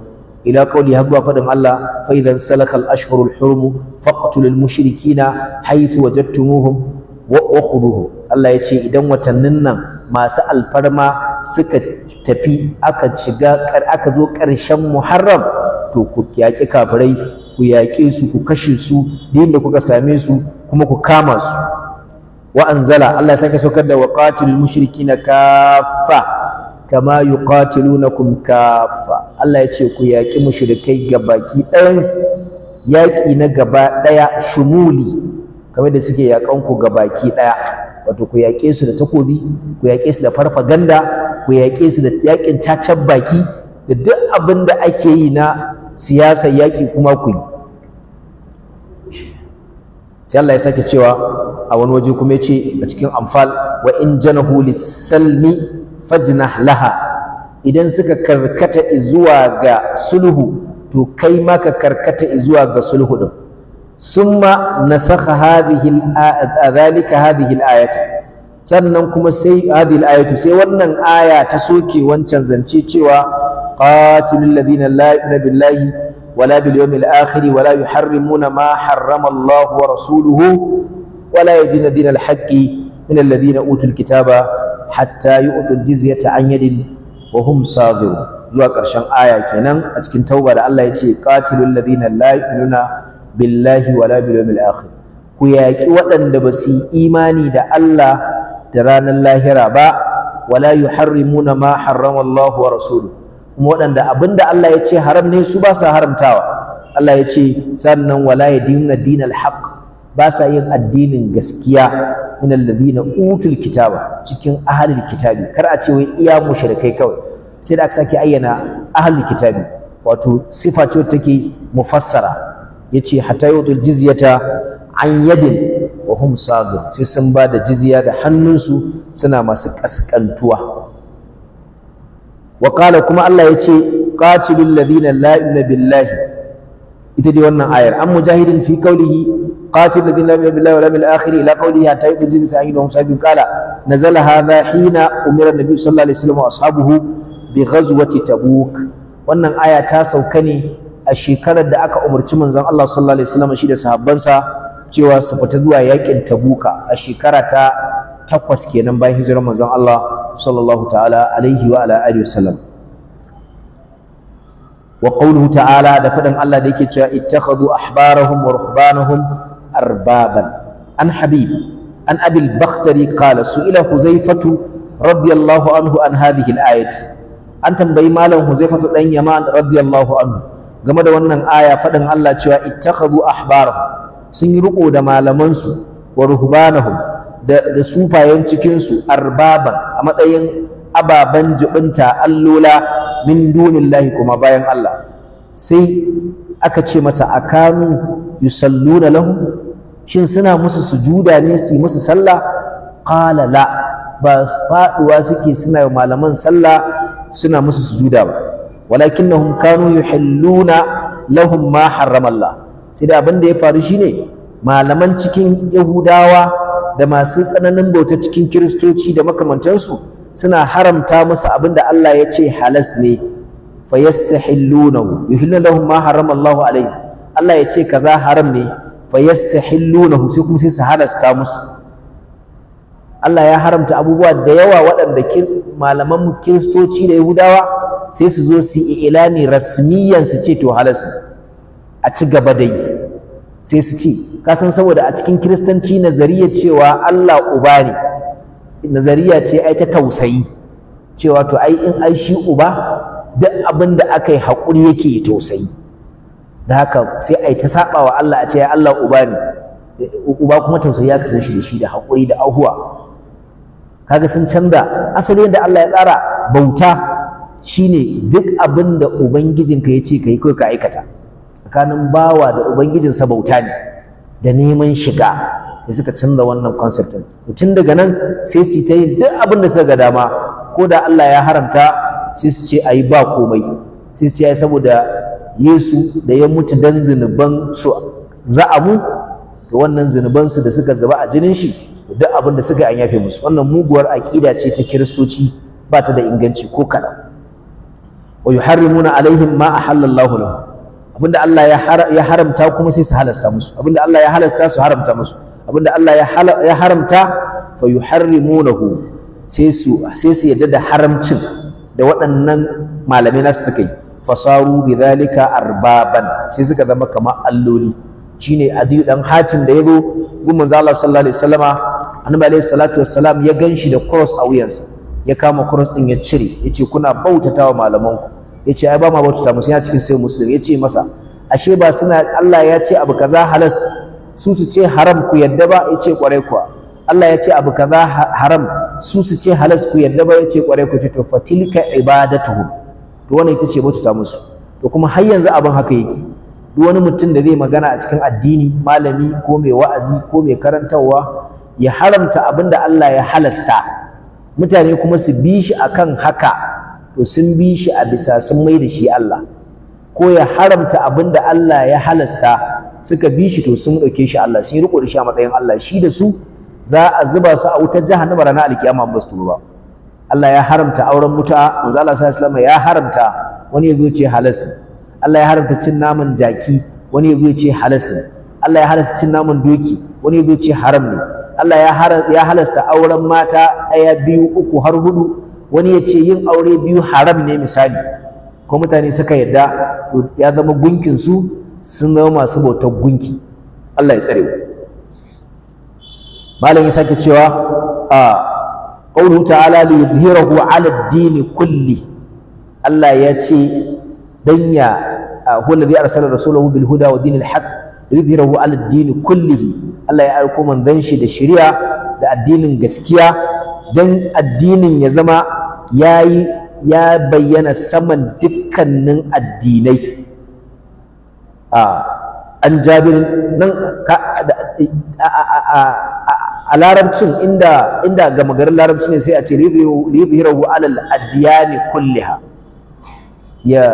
ila qawli hadwa fadin Allah fa idan salaka al-ashhurul hurum faqtul al-mushrikina haythu wajadtumuhum wa ukhuduhum Allah ya ce idan watannin nan masu alfarma suka tafi aka shiga aka zo ƙarshen Muharram to ku yaƙi kafirai ku yaƙe su ku kashe su da kuka same su kuma ku kama su wa anzala Allah ya sake saukar da waqatil mushrikina kaffa kama yuqatilunakum kaffa Allah ya ce ku yaƙi mushrikai gabaki ɗayansu yaƙi na gaba ɗaya shumuli kamar da suke yaƙan ku gabaki ɗaya wato ku yaƙe su da takobi ku yaƙe su da farfaganda ku yaƙe su da yaƙin cacan baki da duk abin da ake yi na siyasar yaƙi kuma ku yi sai Allah ya sake cewa a wani waje kuma yace a cikin amfal wa in janahu lis-salmi laha idan suka karkata zuwa ga sulhu to kai ma ka karkata zuwa ga sulhu din summa nasakha hadhihi dhalika hadhihi al-ayata sannan kuma sai hadhihi al-ayatu sai wannan aya ta soke wancan zance cewa qatilul ladina la yu'minu billahi wala bil yawmil akhir wala yuharrimuna ma harrama Allah wa rasuluhu wala yadina dinal haqqi min alladhina utul kitaba hatta yu'tul jizyata an yadin wa hum saghirun zuwa ƙarshen aya kenan a cikin tauba da Allah ya ce qatilul ladina la yu'minuna billahi wala bilomil akhir ku yaƙi waɗanda ba su imani da Allah da ranar lahira ba wala yuharrimuna ma harrama Allah wa rasuluhu kuma waɗanda abinda Allah ya ce haram ne su ba sa haramtawa Allah ya ce sannan wala ya dinna dinal haqq ba sa yin addinin gaskiya min alladhina utul kitaba cikin ahlul kitabi kar a ce wai iya mushrikai kawai sai da aka sake ayyana ahlul kitabi wato sifa ce take mufassara yace hatta yudul jizyata an yadin wa hum sagun sai sun ba da jizya da hannunsu suna masu kaskantuwa wa qala kuma Allah yace qatilul ladina la ilaha ita dai wannan ayar an mujahidin fi qawlihi qatilul ladina la ilaha billahi wal akhir ila qawlihi hatta yudul jizyata an yadin wa hum qala nazala hadha hina umira sallallahu alaihi wasallam wa ashabuhu bi ghazwati tabuk wannan aya ta sauka ne a shekarar da aka umarci manzon Allah sallallahu alaihi wasallam shi da sahabbansa cewa su fita zuwa yakin Tabuka a shekara ta takwas kenan bayan hijirar manzon Allah sallallahu ta'ala alaihi wa ala alihi wasallam wa qawluhu ta'ala da fadin Allah da yake cewa ittakhadhu ahbarahum wa ruhbanahum arbaban an habib an abil bakhtari qala su'ila huzaifatu radiyallahu anhu an hadhihi al-ayat an tambayi malam huzaifatu dan yaman radiyallahu anhu game da wannan aya faɗin Allah cewa ittakhadhu ahbarahum sun yi riko da malamansu wa ruhbanahum da da sufayen cikin su arbaban a matsayin ababen jibinta allola min dunillahi kuma bayan Allah sai aka ce masa akanu yusalluna lahum shin suna musu sujuda ne su musu sallah qala la ba faduwa suke suna malaman sallah suna musu sujuda ba Walakin kanu yuhilluna lahum ma harrama Allah sai da abinda ya faru shine malaman cikin Yahudawa da masu tsananin bauta cikin Kiristoci da makamantansu suna haramta musu abin da Allah ya ce halas ne fayastahillunahu yuhilluna lahum ma harrama Allah alaihi Allah ya ce kaza haram ne fayastahillunahu sai kuma sai su halasta musu Allah ya haramta abubuwa da yawa waɗanda malaman kiristoci da Yahudawa sai su zo su yi ilani rasmiyan su ce to halas a ci gaba da yi sai su ce ka san saboda a cikin kiristanci nazariya cewa Allah uba ne nazariya ce ai ta tausayi cewa to ai in ai shi uba duk abin da aka yi haƙuri yake tausayi da haka sai ai ta saba wa Allah a ce Allah uba ne uba kuma tausayi ya kasance shi da shi da haƙuri da ahuwa kaga sun canza asalin da Allah ya tsara bauta shine duk abin da ubangijinka ya ce ka yi kai ka aikata tsakanin bawa da ubangijinsa bauta ne da neman shiga sai suka canza wannan concept din tun daga nan sai su ta yi duk abin da suka ga dama ko da Allah ya haramta sai su ce ayi ba komai sai su ce ai saboda Yesu da ya mutu dan zunuban su za'amu to wannan zunuban su da suka zuba a jinin shi duk abin da suka an yafe musu wannan muguwar aƙida ce ta kiristoci ba ta da inganci ko kaɗan wa yuharrimuna alaihim ma ahallallahu lahum abinda Allah ya haramta kuma sai su halasta musu abinda Allah ya halasta su haramta musu abinda Allah ya haramta fa yuharrimunahu sai su sai su yadda da haramcin da waɗannan malamai na suka yi fasaru bidhalika arbaban sai suka zama kamar alloli shine adiyu dan hatim da yazo gun manzo Allah sallallahu alaihi wasallama annabi alaihi salatu wassalam ya ganshi da cross a wuyansa ya kama cross din ya cire yace kuna bautata wa malamanku yace ai ba ma bautata musu yana cikin sai muslim yace masa ashe ba suna Allah ya ce abu kaza halas su su ce haram ku yadda ba yace kwarai kuwa Allah ya ce abu kaza haram su su ce halas ku yadda ba yace kwarai ku to fatilka ibadatuhum to wannan ita ce bautata musu to kuma har yanzu abin haka yake duk wani mutum da zai magana a cikin addini malami ko mai wa'azi ko mai karantarwa ya haramta abin da Allah ya halasta mutane kuma su bi shi akan haka to sun bi shi a bisa sun mai da shi Allah ko ya haramta abin da Allah ya halasta suka bi shi to sun ɗauke shi Allah sun yi riko da shi a matsayin Allah shi da su za a zuba su a wutar jahannama ranar alkiyama ba su ba Allah ya haramta auren muta manzo Allah sallallahu alaihi ya haramta wani zo ce halas Allah ya haramta cin naman jaki wani zo ce halas Allah ya halasta cin naman doki wani zo ce haram ne Allah ya halasta auren mata ɗaya biyu uku har hudu wani ya ce yin aure biyu haram ne misali ko mutane suka yarda ya zama gunkin su sun zama masu bautar gunki Allah ya tsare malam ya sake cewa a qawluhu ta'ala li yudhhirahu 'ala ad-din kulli Allah ya ce dan ya huwa alladhi arsala rasulahu bil huda wa dinil haqq yudhhirahu 'ala ad-din kullihi Allah ya aiko manzon shi da shari'a da addinin gaskiya dan addinin ya zama yayi ya bayyana saman dukkanin addinai a an jabir nan a larabcin inda inda gama garin larabci ne sai a ce lidhirahu alal adyani kulliha ya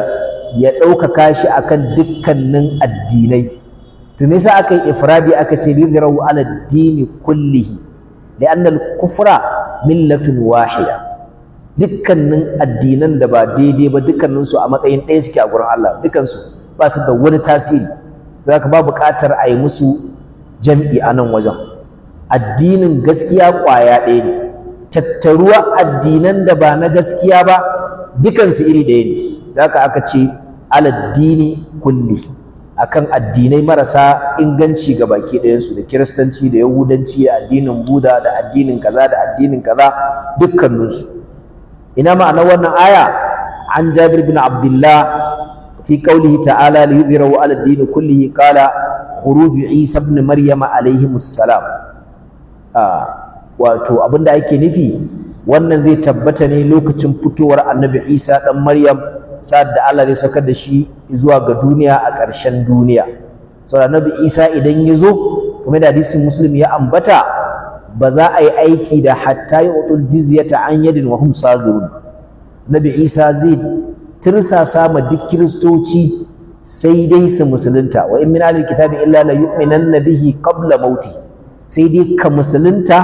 ya ɗaukaka shi akan dukkanin addinai to me yasa aka yi ifradi aka ce wa ala dini kullihi li'anna al-kufra millatun wahida dukkanin addinan da ba daidai ba dukkanin su a matsayin ɗaya suke a gurin Allah dukkan su ba su da wani tasiri zaka ba buƙatar a yi musu jam'i a nan wajen addinin gaskiya ƙwaya ɗaya ne tattaruwa addinan da ba na gaskiya ba dukansu iri ɗaya ne zaka aka ce ala dini kullihi akan addinai marasa inganci ga baki ɗayansu da kiristanci da yahudanci da addinin buda da addinin kaza da addinin kaza dukkaninsu ina ma'anar wannan aya an jabir bin abdullah fi qawlihi ta'ala li yudhirahu ala ad-din kullihi qala khuruj isa ibn maryama alayhi assalam ah, wato abinda ake nufi wannan zai tabbata ne lokacin fitowar annabi isa dan maryam sa'ad da Allah zai saukar da shi zuwa ga duniya a ƙarshen duniya saboda nabi isa idan ya zo kuma da hadisin muslim ya ambata ba za a yi aiki da hatta ya udul jizyata an yadin wa hum sagirun nabi isa zai tirsasa ma duk kiristoci sai dai su musulunta wa in min alil kitabi illa la yu'minanna bihi qabla mauti sai dai ka musulunta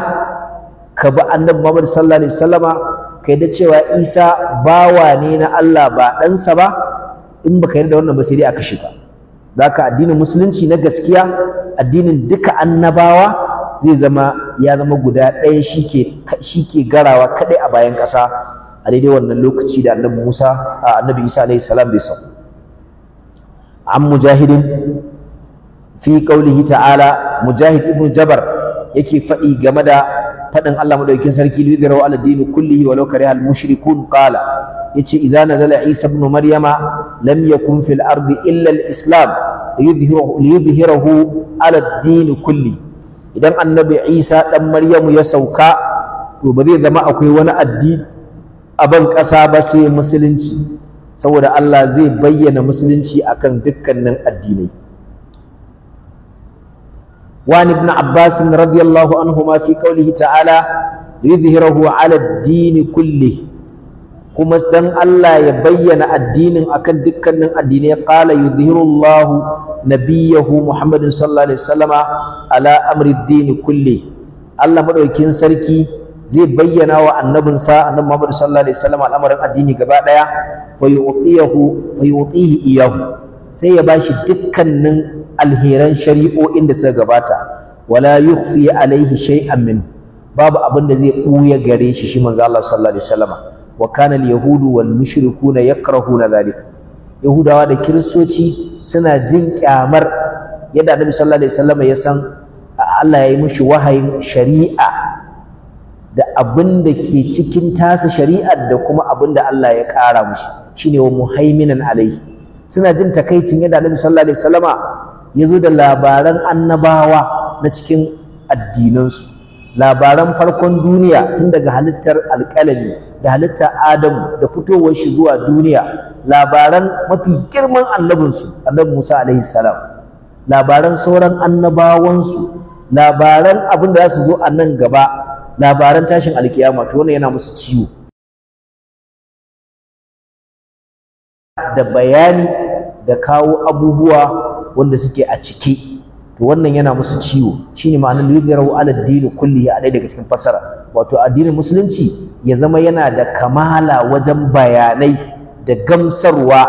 ka bi annabi Muhammad sallallahu alaihi wasallama kai da cewa isa bawa ne na allah ba ɗansa ba in baka yarda wannan ba sai dai aka kashe ka addinin musulunci na gaskiya addinin duka annabawa zai zama ya zama guda ɗaya shi ke garawa kaɗai a bayan ƙasa a daidai wannan lokaci da annabi musa annabi isa alaihi salam bai sau. an mujahidin fi qaulihi ta'ala mujahid ibnu jabar yake faɗi game da faɗin Allah madaukakin sarki lidhirahu ala dini kullihi walau karihal mushrikun qala yace idza nazala isa ibn maryama lam yakun fil ardi illa al islam liyudhhirahu ala dini kulli idan annabi isa ɗan maryamu ya sauka to ba zai zama akwai wani addini a ban ƙasa ba sai musulunci saboda Allah zai bayyana musulunci akan dukkanin addinai وعن ابن عباس رضي الله عنهما في قوله تعالى ليظهره على الدين كله كما استن الله يبين الدين أكن دكان الدين قال يظهر الله نبيه محمد صلى الله عليه وسلم على أمر الدين كله الله مدوكين سركي zai bayyana wa annabinsa annabi Muhammad sallallahu alaihi wasallam al'amarin addini gaba daya fa yu'tiyahu fa yu'tihi iyahu sai ya bashi dukkanin alheran shari'o'in da suka gabata wala yukhfi alaihi shay'an min babu abin da zai buya gare shi shi manzo Allah sallallahu alaihi wasallam wa kana alyahudu wal mushrikuuna yakrahuna dhalik yahudawa da kiristoci suna jin kyamar yadda annabi sallallahu alaihi wasallam ya san Allah ya yi mushi wahayin shari'a da abin da ke cikin tasa shari'ar da kuma abin da Allah ya ƙara mushi shine wa muhaiminan alaihi suna jin takaicin yadda annabi sallallahu alaihi wasallama ya zo da labaran annabawa na cikin addinansu labaran farkon duniya tun daga halittar alƙalami da halittar adamu da fitowar shi zuwa duniya labaran mafi girman annabinsu annabi musa alaihi salam labaran sauran annabawansu labaran abin da za su zo a nan gaba labaran tashin alkiyama to wannan yana musu ciwo da bayani da kawo abubuwa wanda suke a cike to wannan yana musu ciwo shine ma'anar yudhirahu ala dini kullihi a daga cikin fasara wato addinin musulunci ya zama yana da kamala wajen bayanai da gamsarwa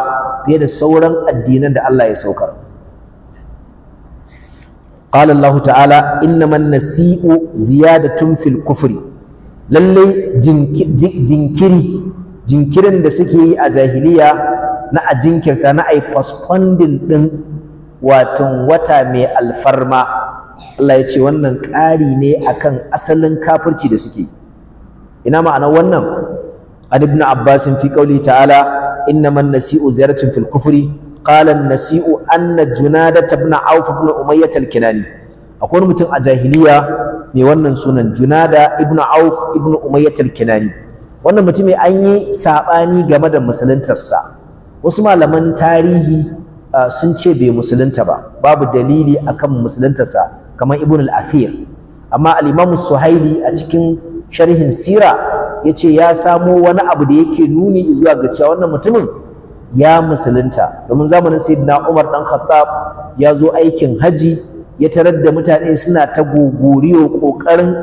fiye da sauran addinan da Allah ya saukar qala Allahu ta'ala innaman nasi'u ziyadatun fil kufri lalle jinkiri jinkirin da suke yi a jahiliya na a jinkirta na a yi postponding ɗin watan wata mai alfarma Allah ya ce wannan ƙari ne akan asalin kafirci da suke ina ma'ana wannan an ibn abbas fi qawli ta'ala innaman nasi'u ziyaratun fil kufri qala an-nasi'u anna junada ibn auf ibn umayyah al kilani akwai mutum a jahiliya mai wannan sunan junada ibn auf ibn umayyah al kilani wannan mutum an yi sabani game da musuluntarsa wasu malaman tarihi sun ce bai musulunta ba babu dalili akan musuluntarsa kamar ibn al-afir amma al imamu suhaili a cikin sharhin sira ya ce ya samo wani abu da yake nuni zuwa ga cewa wannan mutumin ya musulunta domin zamanin sayyidina umar dan khattab ya zo aikin haji ya tarar da mutane suna ta gogoriyo kokarin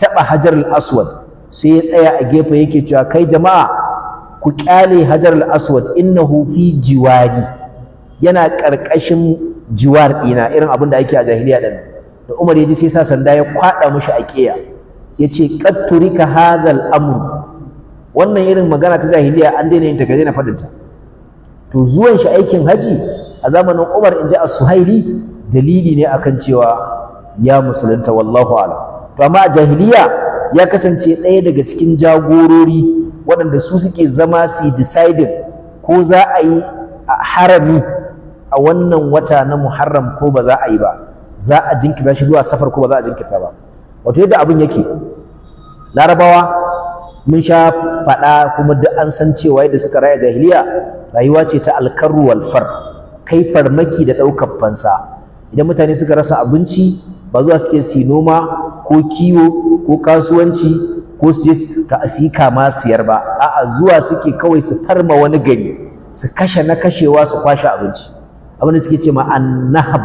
taba hajar al-aswad sai ya tsaya a gefe yake cewa kai jama'a ku ƙyale hajar al in na fi jiwari yana ƙarƙashin jiwar ɗina irin abin da ake a jahiliya din da Umar ya ji sai sa sanda ya kwaɗa mashi a kiya yace qad turika hadal amr wannan irin magana ta jahiliya an daina yin ta daina fadin ta to zuwan shi aikin haji a zamanin Umar inji as-Suhaili dalili ne akan cewa ya musulunta wallahu ala. to amma a jahiliya ya kasance ɗaya daga cikin jagorori waɗanda su suke zama su deciding ko za a yi harami a wannan wata na muharram ko ba za a yi ba za a jinkirta shi zuwa safar ko ba za a jinkirta ba wato yadda abin yake larabawa mun sha faɗa kuma duk an san cewa yadda suka raya jahiliya rayuwa ce ta alkarru wal far kai farmaki da ɗaukar fansa idan mutane suka rasa abinci ba zuwa suke su noma ko kiwo ko kasuwanci ko su je su yi kama siyar ba a'a zuwa suke kawai su farma wani gari su kashe na kashewa su kwashe abinci abin da suke ce ma annahab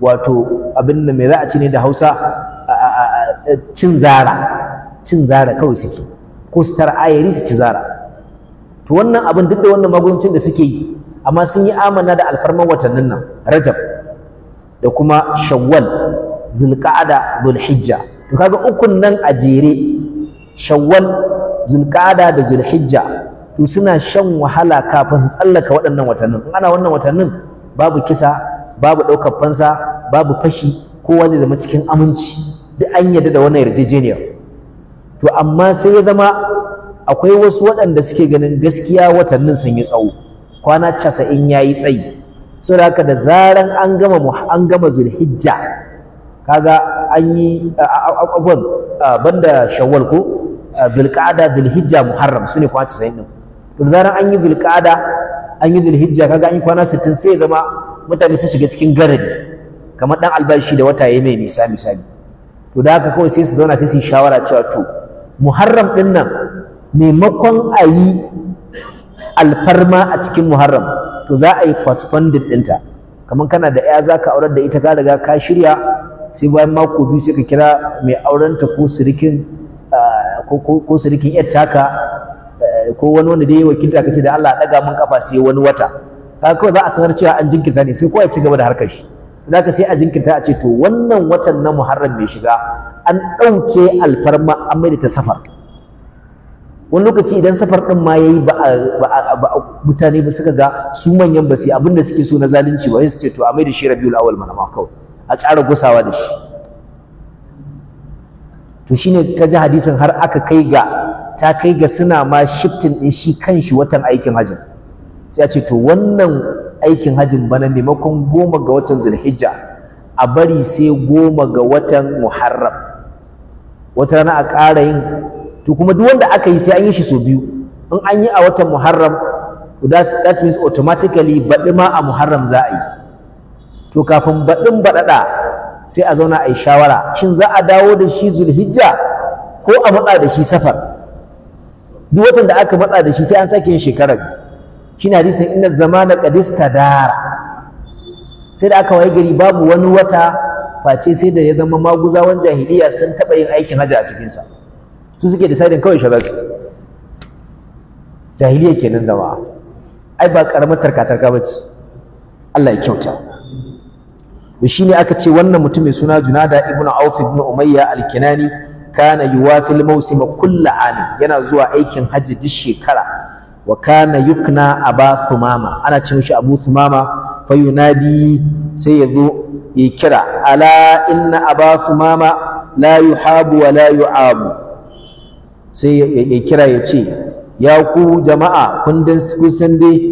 wato abin da me za a ci ne da Hausa cin zara cin zara kawai suke ko su tara ayari su ci zara to wannan abin duk da wannan magudancin da suke yi amma sun yi amana da alfarman watannin nan rajab da kuma shawwal zulqa'ada zulhijja to kaga ukun nan a jere shawwal zulqada da zulhijja to suna shan wahala kafin su tsallaka waɗannan watannin in ana wannan watannin babu kisa babu ɗaukar fansa babu fashi kowa zai zama cikin aminci duk an yarda da wannan yarjejeniyar to amma sai ya zama akwai wasu waɗanda suke ganin gaskiya watannin sun yi tsawo kwana casa'in ya yi tsayi saboda haka da zaran an gama an gama zulhijja kaga an yi abubuwan banda shawwal ko zulqa'ada eh, zulhijja muharram sune kwana 90 din to da zaran an yi zulqa'ada an yi zulhijja kaga an yi kwana 60 sai ya zama mutane sun shiga cikin garari kamar dan albashi da wata yayi mai nisa misali to da haka kawai sai su zauna sai su yi shawara cewa to muharram din nan maimakon a yi alfarma a cikin muharram to za a yi postponded ɗinta kamar kana da ya za ka aurar da ita ka riga ka shirya sai bayan mako biyu sai ka kira mai aurenta ko sirikin ko sirikin yar taka eh, ko wani wanda dai wakilta kace da Allah daga mun kafa sai wani wata kaga kawai za a sanar cewa an jinkirta ne sai kowa ya ci gaba da harkar shi zaka sai a jinkirta a ce to wannan watan na Muharram mai shiga an ɗauke alfarma an mai ta safar wani lokaci idan safar ɗin ma yayi ba mutane ba suka ga su manyan ba su abin da suke so na zalunci ba sai su ce to a mai da shi Rabiul awal mana ma kawai a ƙara gusawa da shi to shine ka ji hadisin har aka kai ga ta kai ga suna ma shiftin din shi kan shi watan aikin hajjin sai a ce to wannan aikin hajjin bana maimakon goma ga watan zulhijja a bari sai goma ga watan muharram wata rana a ƙara yin to kuma duk wanda aka yi sai an yi shi sau biyu in an yi a watan muharram that, that means automatically baɗi ma a muharram za a yi to kafin baɗin baɗaɗa sai a zauna a yi shawara shin za a dawo da shi zulhijja ko a matsa da shi safar duk watan da aka matsa da shi sai an sake yin shekarar shi na hadisin inna zamana qadista dara sai da aka waye gari babu wani wata face sai da ya zama maguzawan jahiliya sun taɓa yin aikin haja a cikinsa su suke da sadin kawai shabas jahiliya kenan zama ai ba karamar tarkatarka Allah ya kyauta to ne aka ce wannan mutum mai suna Junada ibn Auf ibn Umayya al-Kinani kana yuwafil mawsima kullu ami yana zuwa aikin hajji duk shekara wa kana yukna aba thumama ana cin shi abu thumama fayunadi sai yazo ya kira ala inna aba thumama la yuhabu wa la yu'abu sai ya kira ya ce ya ku jama'a kun san dai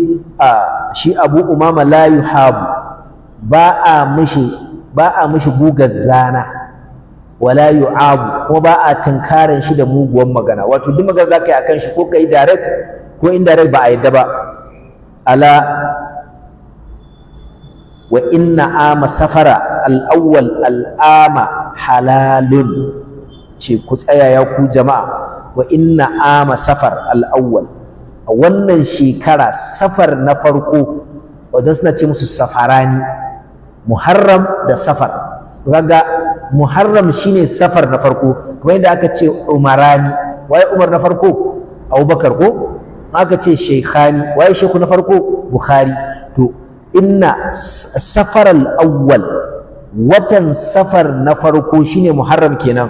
shi abu umama la yuhabu ba a mishi ba a mishi gugar zana wala yu'abu kuma ba a tunkarin shi da muguwar magana wato duk magana za ka yi akan shi ko ka yi direct ko indirect ba a yadda ba ala wa inna ama safara al'awwal al'ama halalun ce ku tsaya ya ku jama'a wa inna ama safar al'awwal a wannan shekara safar na farko wadansu suna ce musu safarani muharram da safar kaga muharram shine safar na farko kamar yadda aka ce umarani waye umar na farko abubakar ko aka ce sheikhani waye sheku na farko bukhari to inna safar al-awwal watan safar na farko shine muharram kenan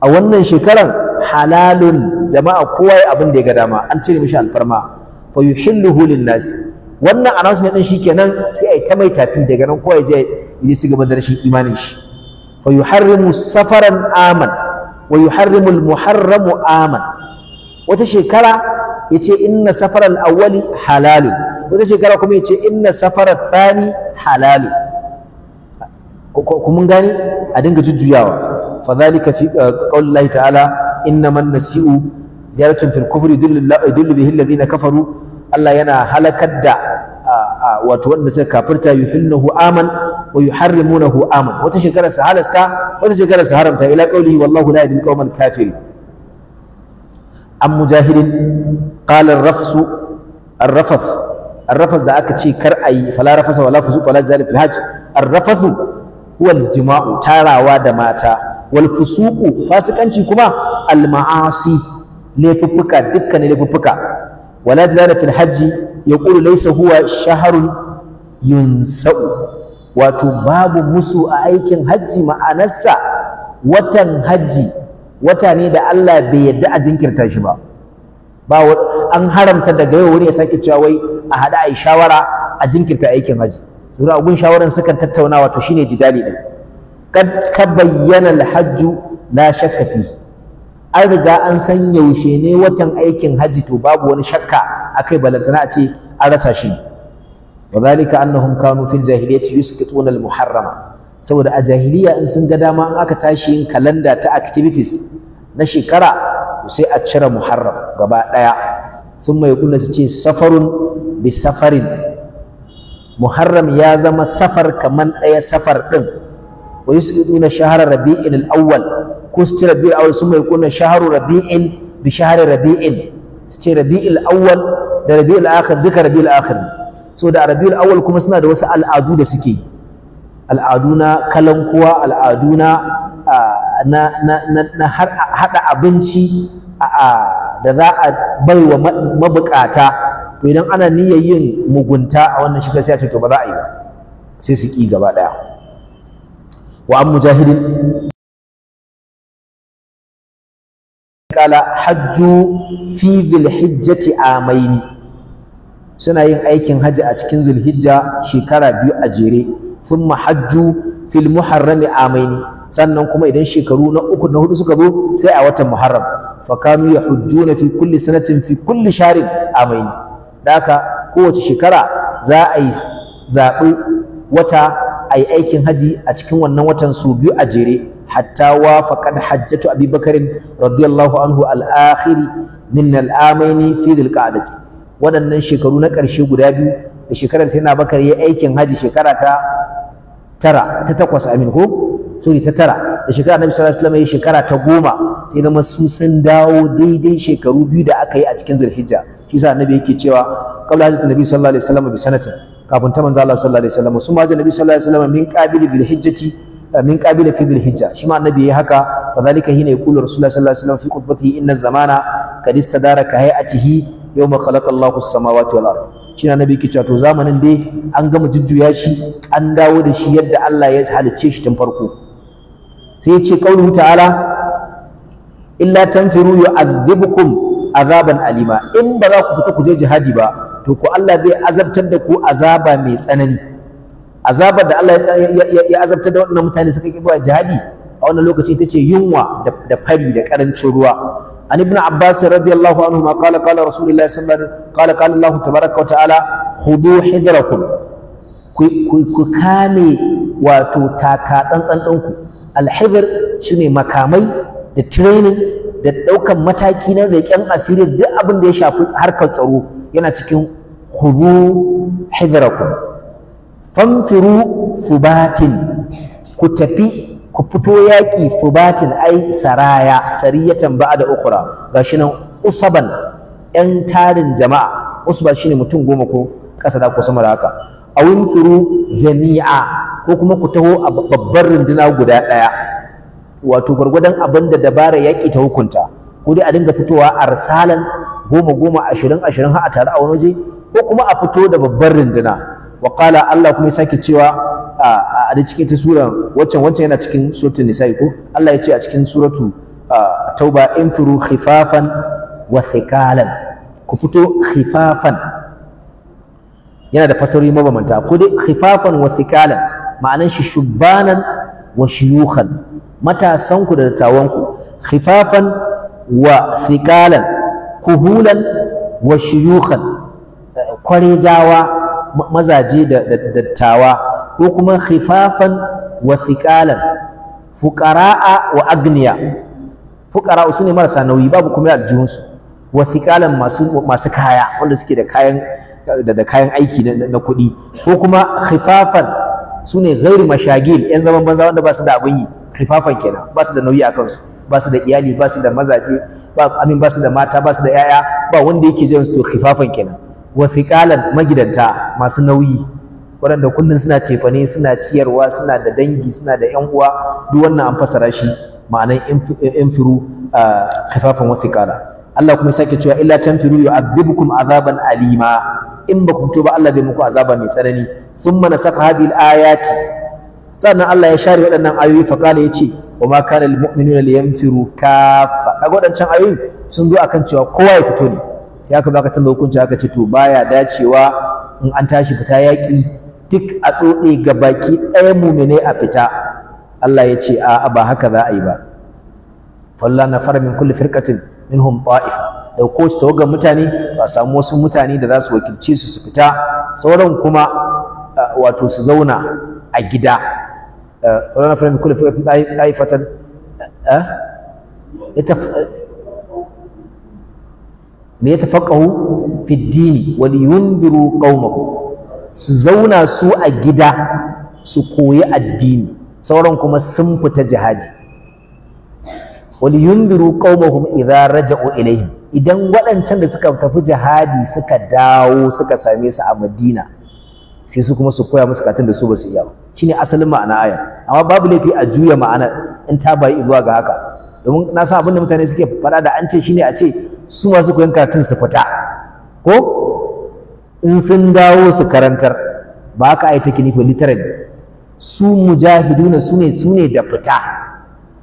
a wannan shekaran halalun jama'a kowa abin da ya ga dama an cire mishi alfarma fa yuhilluhu lin-nasi wannan announcement din shikenan sai ai ta mai tafi daga nan ko kowa je ya ci gaba da rashin imanin shi fa yuharrimu safaran aman wa yuharrimu almuharramu aman wata shekara yace inna safaral awwali halalun wata shekara kuma yace inna safaral thani halalun ku mun gane a dinga jujjuyawa فذلك في قول الله تعالى إنما ziyaratun زيادة في الكفر يدل, يدل به Allah yana halakar da wato wanda suka kafirta yuhilluhu aman wa yuharrimunahu aman wata shekara su halasta wata shekara su haramta ila wallahu la qawmal kafirin an mujahidin qala ar-rafsu ar-rafaf ar-rafas da aka ce kar ayi fala rafasa wala fusuq wala jahil fil hajj ar-rafasu huwa al-jima'u tarawa da mata wal fusuqu fasikanci kuma al-ma'asi laifuffuka dukkan laifuffuka ولا جدال في الحج يقول ليس هو wato babu musu a aikin hajji ما أنسى watan hajji wata ne da Allah bai yarda a jinkirta shi ba an haramta daga yau wani ya sake cewa wai a haɗa a yi shawara a jinkirta aikin hajji sura abun shawaran sukan tattauna wato shine jidali din kad ka bayyana alhajju la shakka fi an riga an san yaushe ne watan aikin hajji to babu wani shakka akai balantana a ce an rasa shi wadhalika annahum kanu fil jahiliyyati yusqituna al muharrama saboda a jahiliya in sun ga dama an aka tashi yin kalanda ta activities na shekara sai a cire muharram gaba daya sun mai kunna su ce safarun bi safarin muharram ya zama safar kaman daya safar din wa yusqituna shahra rabi'il awwal ko su ce sun mai kuna shaharu rabi'in bi shahari rabi'in su ce rabi'ul da rabi'ul akhir duka rabi'ul akhir so da rabi'ul awwal kuma suna da wasu al'adu da suke yi al'adu na kalankuwa al'adu na hada abinci da za a bai wa mabukata to idan ana niyyar yin mugunta a wannan shiga sai a ce to ba za a yi ba sai su ki gaba daya wa an mujahidin qala hajju fi dhilhijjati amaini suna yin aikin haji a cikin zulhijja shekara biyu a jere thumma hajju fil muharrami amaini sannan kuma idan shekaru na uku na hudu suka zo sai a watan muharram fa kanu yahujjuna fi kulli sanatin fi kulli sharin amaini daka kowace shekara za a yi zaɓi wata a yi aikin haji a cikin wannan watan su biyu a jere hatta wafaqad hajjatu Abi Bakr radiyallahu anhu al-akhir min al-amaini fi waɗannan shekaru na ƙarshe guda biyu da shekarar sayyidina Bakar yayi aikin haji shekara ta tara ta takwas amin ko sorry tara da shekara Nabi sallallahu alaihi wasallam yayi shekara ta goma sai na masu sun dawo daidai shekaru biyu da aka yi a cikin Zulhijja shi yasa Annabi yake cewa qabla hajjati Nabi sallallahu alaihi wasallam bi sanatin kafin ta sallallahu alaihi sallallahu alaihi min qabila fi dhil hijja shi ma annabi yayi haka fa zalika hina yaqulu rasulullahi sallallahu alaihi wasallam fi khutbatihi inna zamana kad istadara ka hayatihi Yau khalaqa Allahu as-samawati wal ard shi annabi yake cewa to zamanin dai an gama jujjuya shi an dawo da shi yadda Allah ya halicce shi tun farko sai ya ce qauluhu ta'ala illa tanfiru yu'adhibukum azaban alima in ba za ku fita ku je jihadi ba to ko Allah zai azabtar da ku azaba mai tsanani azabar da Allah ya azabtar da waɗannan mutane suka ƙi zuwa jihadi a wannan lokaci ita ce yunwa da fari da ƙarancin ruwa an ibn abbas radiyallahu anhu ma qala qala rasulullahi sallallahu alaihi wasallam qala qala Allah tabaraka wa ta'ala khudu hidrakum ku kame wato taka tsantsan ɗinku alhidr shine makamai da training da ɗaukan mataki na leƙen asiri duk abin da ya shafi harkar tsaro yana cikin khudu hidrakum famfiru subatin ku tafi ku fito yaƙi subatin ai saraya sariyatan ba'a da ukura ga shi nan usaban yan tarin jama'a usba shine mutum goma ko ƙasa da ko sama da haka awin firu jami'a ko kuma ku taho a babbar runduna guda ɗaya wato gwargwadon abin da dabara yaƙi ta hukunta ko dai a dinga fitowa a arsalan goma goma ashirin ashirin har a tare a wani waje ko kuma a fito da babbar runduna wa qala Allah kuma ya sake cewa a da cikin ta sura waccan waccan yana cikin suratul nisa'i ko Allah ya ce a cikin suratu tauba infiru khifafan wa thikalan ku fito khifafan yana da fasari mabamanta ko dai khifafan wa thikalan ma'anan shi shubbanan wa shuyukhan matasan ku da dattawan ku khifafan wa kuhulan wa shuyukhan kwarejawa mazaje da dattawa ko kuma khifafan wa thiqalan fuqara'a wa agniya fuqara'u sune marasa nauyi babu kuma aljihunsu wa thiqalan masu masu kaya wanda suke da kayan da kayan aiki na kuɗi ko kuma khifafan sune gairi mashagil yan zaman banza wanda ba su da abin yi khifafan kenan ba su da nauyi a kansu ba su da iyali ba su da mazaje ba amin ba su da mata ba su da yaya ba wanda yake jin su to khifafan kenan wa magidanta masu nauyi waɗanda kullum suna cefane suna ciyarwa suna da dangi suna da ƴan uwa duk wannan an fasara shi ma'anan infiru khifafan wa thiqala Allah kuma sake cewa illa tanfiru yu'adhibukum azaban alima in ba ku fito ba Allah zai muku azaba mai tsanani thumma nasaka hadhihi al sannan Allah ya share waɗannan ayoyi fa kana yace wa ma kana lil liyanfiru kaffa kaga waɗancan ayoyin sun zo akan cewa kowa ya fito ne sai aka baka canza hukunci aka ce to baya dacewa in an tashi fita yaƙi duk a ɗoɗe ga baki ɗaya mumine a fita Allah ya ce a'a ba haka za a yi ba falla na fara min kulli firkatin minhum ta'ifa da ta ga mutane ba samu wasu mutane da za su wakilce su su fita sauran kuma wato su zauna a gida falla na fara min kulli firqatin ta'ifatan li yatafaqahu fi dini wa li yundiru qaumahum su zauna su a gida su koyi addini sauran kuma sun fita jihadi wa li yundiru qaumahum idza raja'u ilaihim idan waɗancan da suka tafi jihadi suka dawo suka same su a Madina sai su kuma su koya musu katin da su ba su iya ba shine asalin ma'ana aya amma babu laifi a juya ma'ana in ta bayi zuwa ga haka domin na san abin da mutane suke faɗa da an ce shine a ce su masu koyon karatun su fita ko in sun dawo su karantar ba haka ai take ko literally su mujahiduna su ne su ne da fita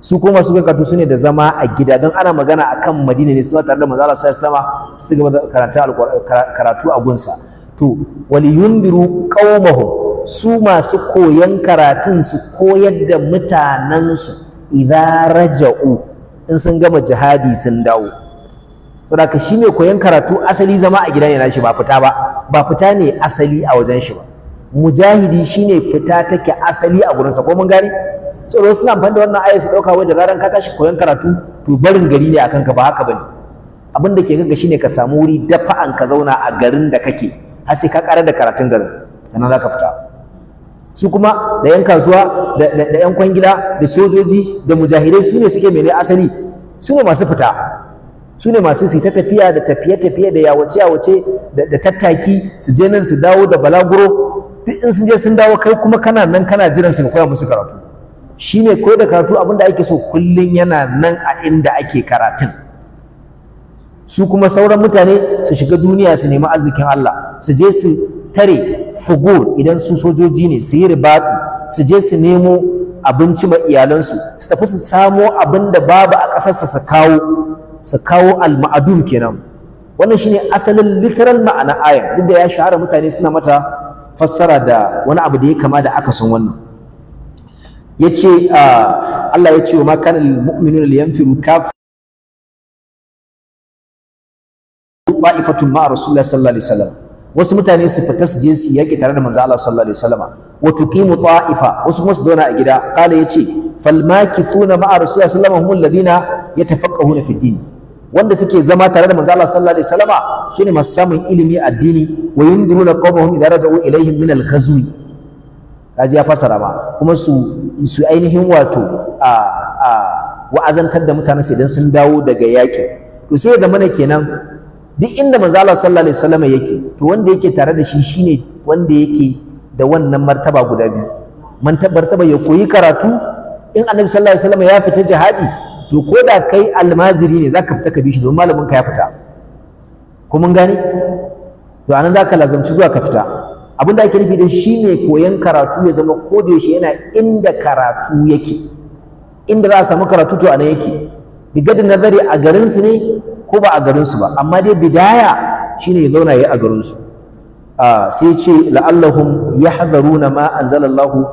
su kuma su karatu su ne da zama a gida don ana magana kan madina ne su tare da manzo Allah sallallahu alaihi wasallam su gaba karatu a gunsa to wal yundiru qaumahum su masu koyan karatun su koyar da mutanansu idan raja'u in sun gama jihadi sun dawo saboda shi ne koyon karatu asali zama a gida ne nashi ba fita ba ba fita ne asali a wajen shi ba mujahidi shine fita take asali a gurinsa ko mun gane tsoro suna amfani da wannan ayat su dauka wai da zaran ka tashi koyon karatu to barin gari ne akan ka ba haka bane abin da ke kanka ne ka samu wuri an ka zauna a garin da kake har sai ka ƙara da karatun garin sannan za ka fita su kuma da yan kasuwa da yan kwangila da sojoji da mujahidai su ne suke mene asali su ne masu fita su ne masu su ta tafiya da tafiye-tafiye da yawace-yawace da tattaki su je nan su dawo da balaguro duk in sun je sun dawo kai kuma kana nan kana jiran su koya musu karatu shi ne koyar da karatu abin da ake so kullum yana nan a inda ake karatun su kuma sauran mutane su shiga duniya su nemi arzikin Allah su je su tare fugur idan su sojoji ne su yi ribatu su je su nemo abinci ma iyalansu su tafi su samo abin da babu a ƙasarsa su kawo su kawo al-ma'adum kenan wannan shine asalin literal ma'ana aya duk da ya shahara mutane suna mata fassara da wani abu da ya kama da aka san wannan yace Allah ya ce wa ma kana lil mu'minina liyanfiru kaf ta'ifatun ma sallallahu alaihi wasallam wasu mutane su fita su je su yaki tare da manzo Allah sallallahu alaihi wasallam wa tuqimu ta'ifa wasu kuma su zauna a gida qala yace fal makithuna ma rasulullah sallallahu alaihi wasallam hum alladhina yatafaqqahuna fid din wanda suke zama tare da manzo Allah sallallahu alaihi wasallama sune masu samun ilimi addini wa yunduruna qawmahum idza raja'u ilaihim min al-ghazwi kaji ya fasara ba kuma su su ainihin wato a a wa'azantar da mutane su idan sun dawo daga yaƙi to sai da mana kenan duk inda manzo Allah sallallahu alaihi wasallama yake to wanda yake tare da shi shine wanda yake da wannan martaba guda biyu martaba ya koyi karatu in annabi sallallahu alaihi wasallama ya fita jihadi to ko da kai almajiri ne zaka fita ka bi shi don malamin ka ya fita ko mun gane to anan zaka lazamci zuwa ka fita abinda ake nufi da shi ne koyan karatu ya zama ko da yaushe yana inda karatu yake inda za a samu karatu to anan yake bigadi nazari a garin su ne ko ba a garin su ba amma dai bidaya shine ya zauna yayi a garin su sai ce la'allahum yahdharuna ma anzalallahu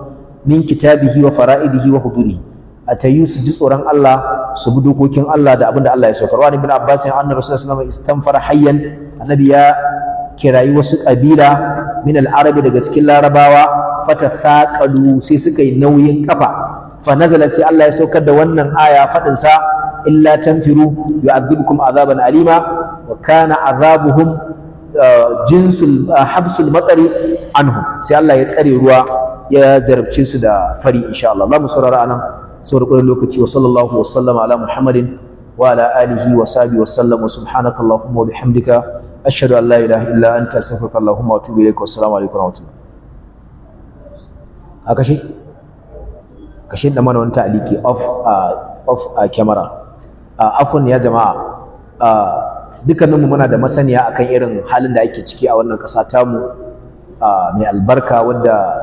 min kitabihi wa fara'idihi wa hudurihi atayu su ji tsoron Allah su bi dokokin Allah da abin da Allah ya saukar wa ibn Abbas ya annabi sallallahu alaihi wasallam istanfara hayyan annabi ya kirayi wasu kabila min al-arabi daga cikin larabawa fatathaqalu sai suka yi nauyin kafa fa nazala sai Allah ya saukar da wannan aya fadin sa illa tanfiru yu'adhibukum azaban alima wa kana azabuhum uh, jinsul uh, habsul matari anhum sai Allah ya tsare ruwa ya zarabce su da fari insha Allah Allah mu saurara anan saboda ƙwarar lokaci wa sallallahu wa sallama ala muhammadin wa ala alihi wa sahbihi wa sallam wa subhanaka allahumma wa bihamdika ashhadu an la ilaha illa anta astaghfiruka allahumma wa atubu wa assalamu alaikum wa rahmatullah a kashe kashe da mana wani ta'aliki off uh, off uh, camera uh, afun ya jama'a uh, dukkaninmu muna da masaniya akan irin halin da ake ciki a wannan ƙasa tamu uh, mai albarka wadda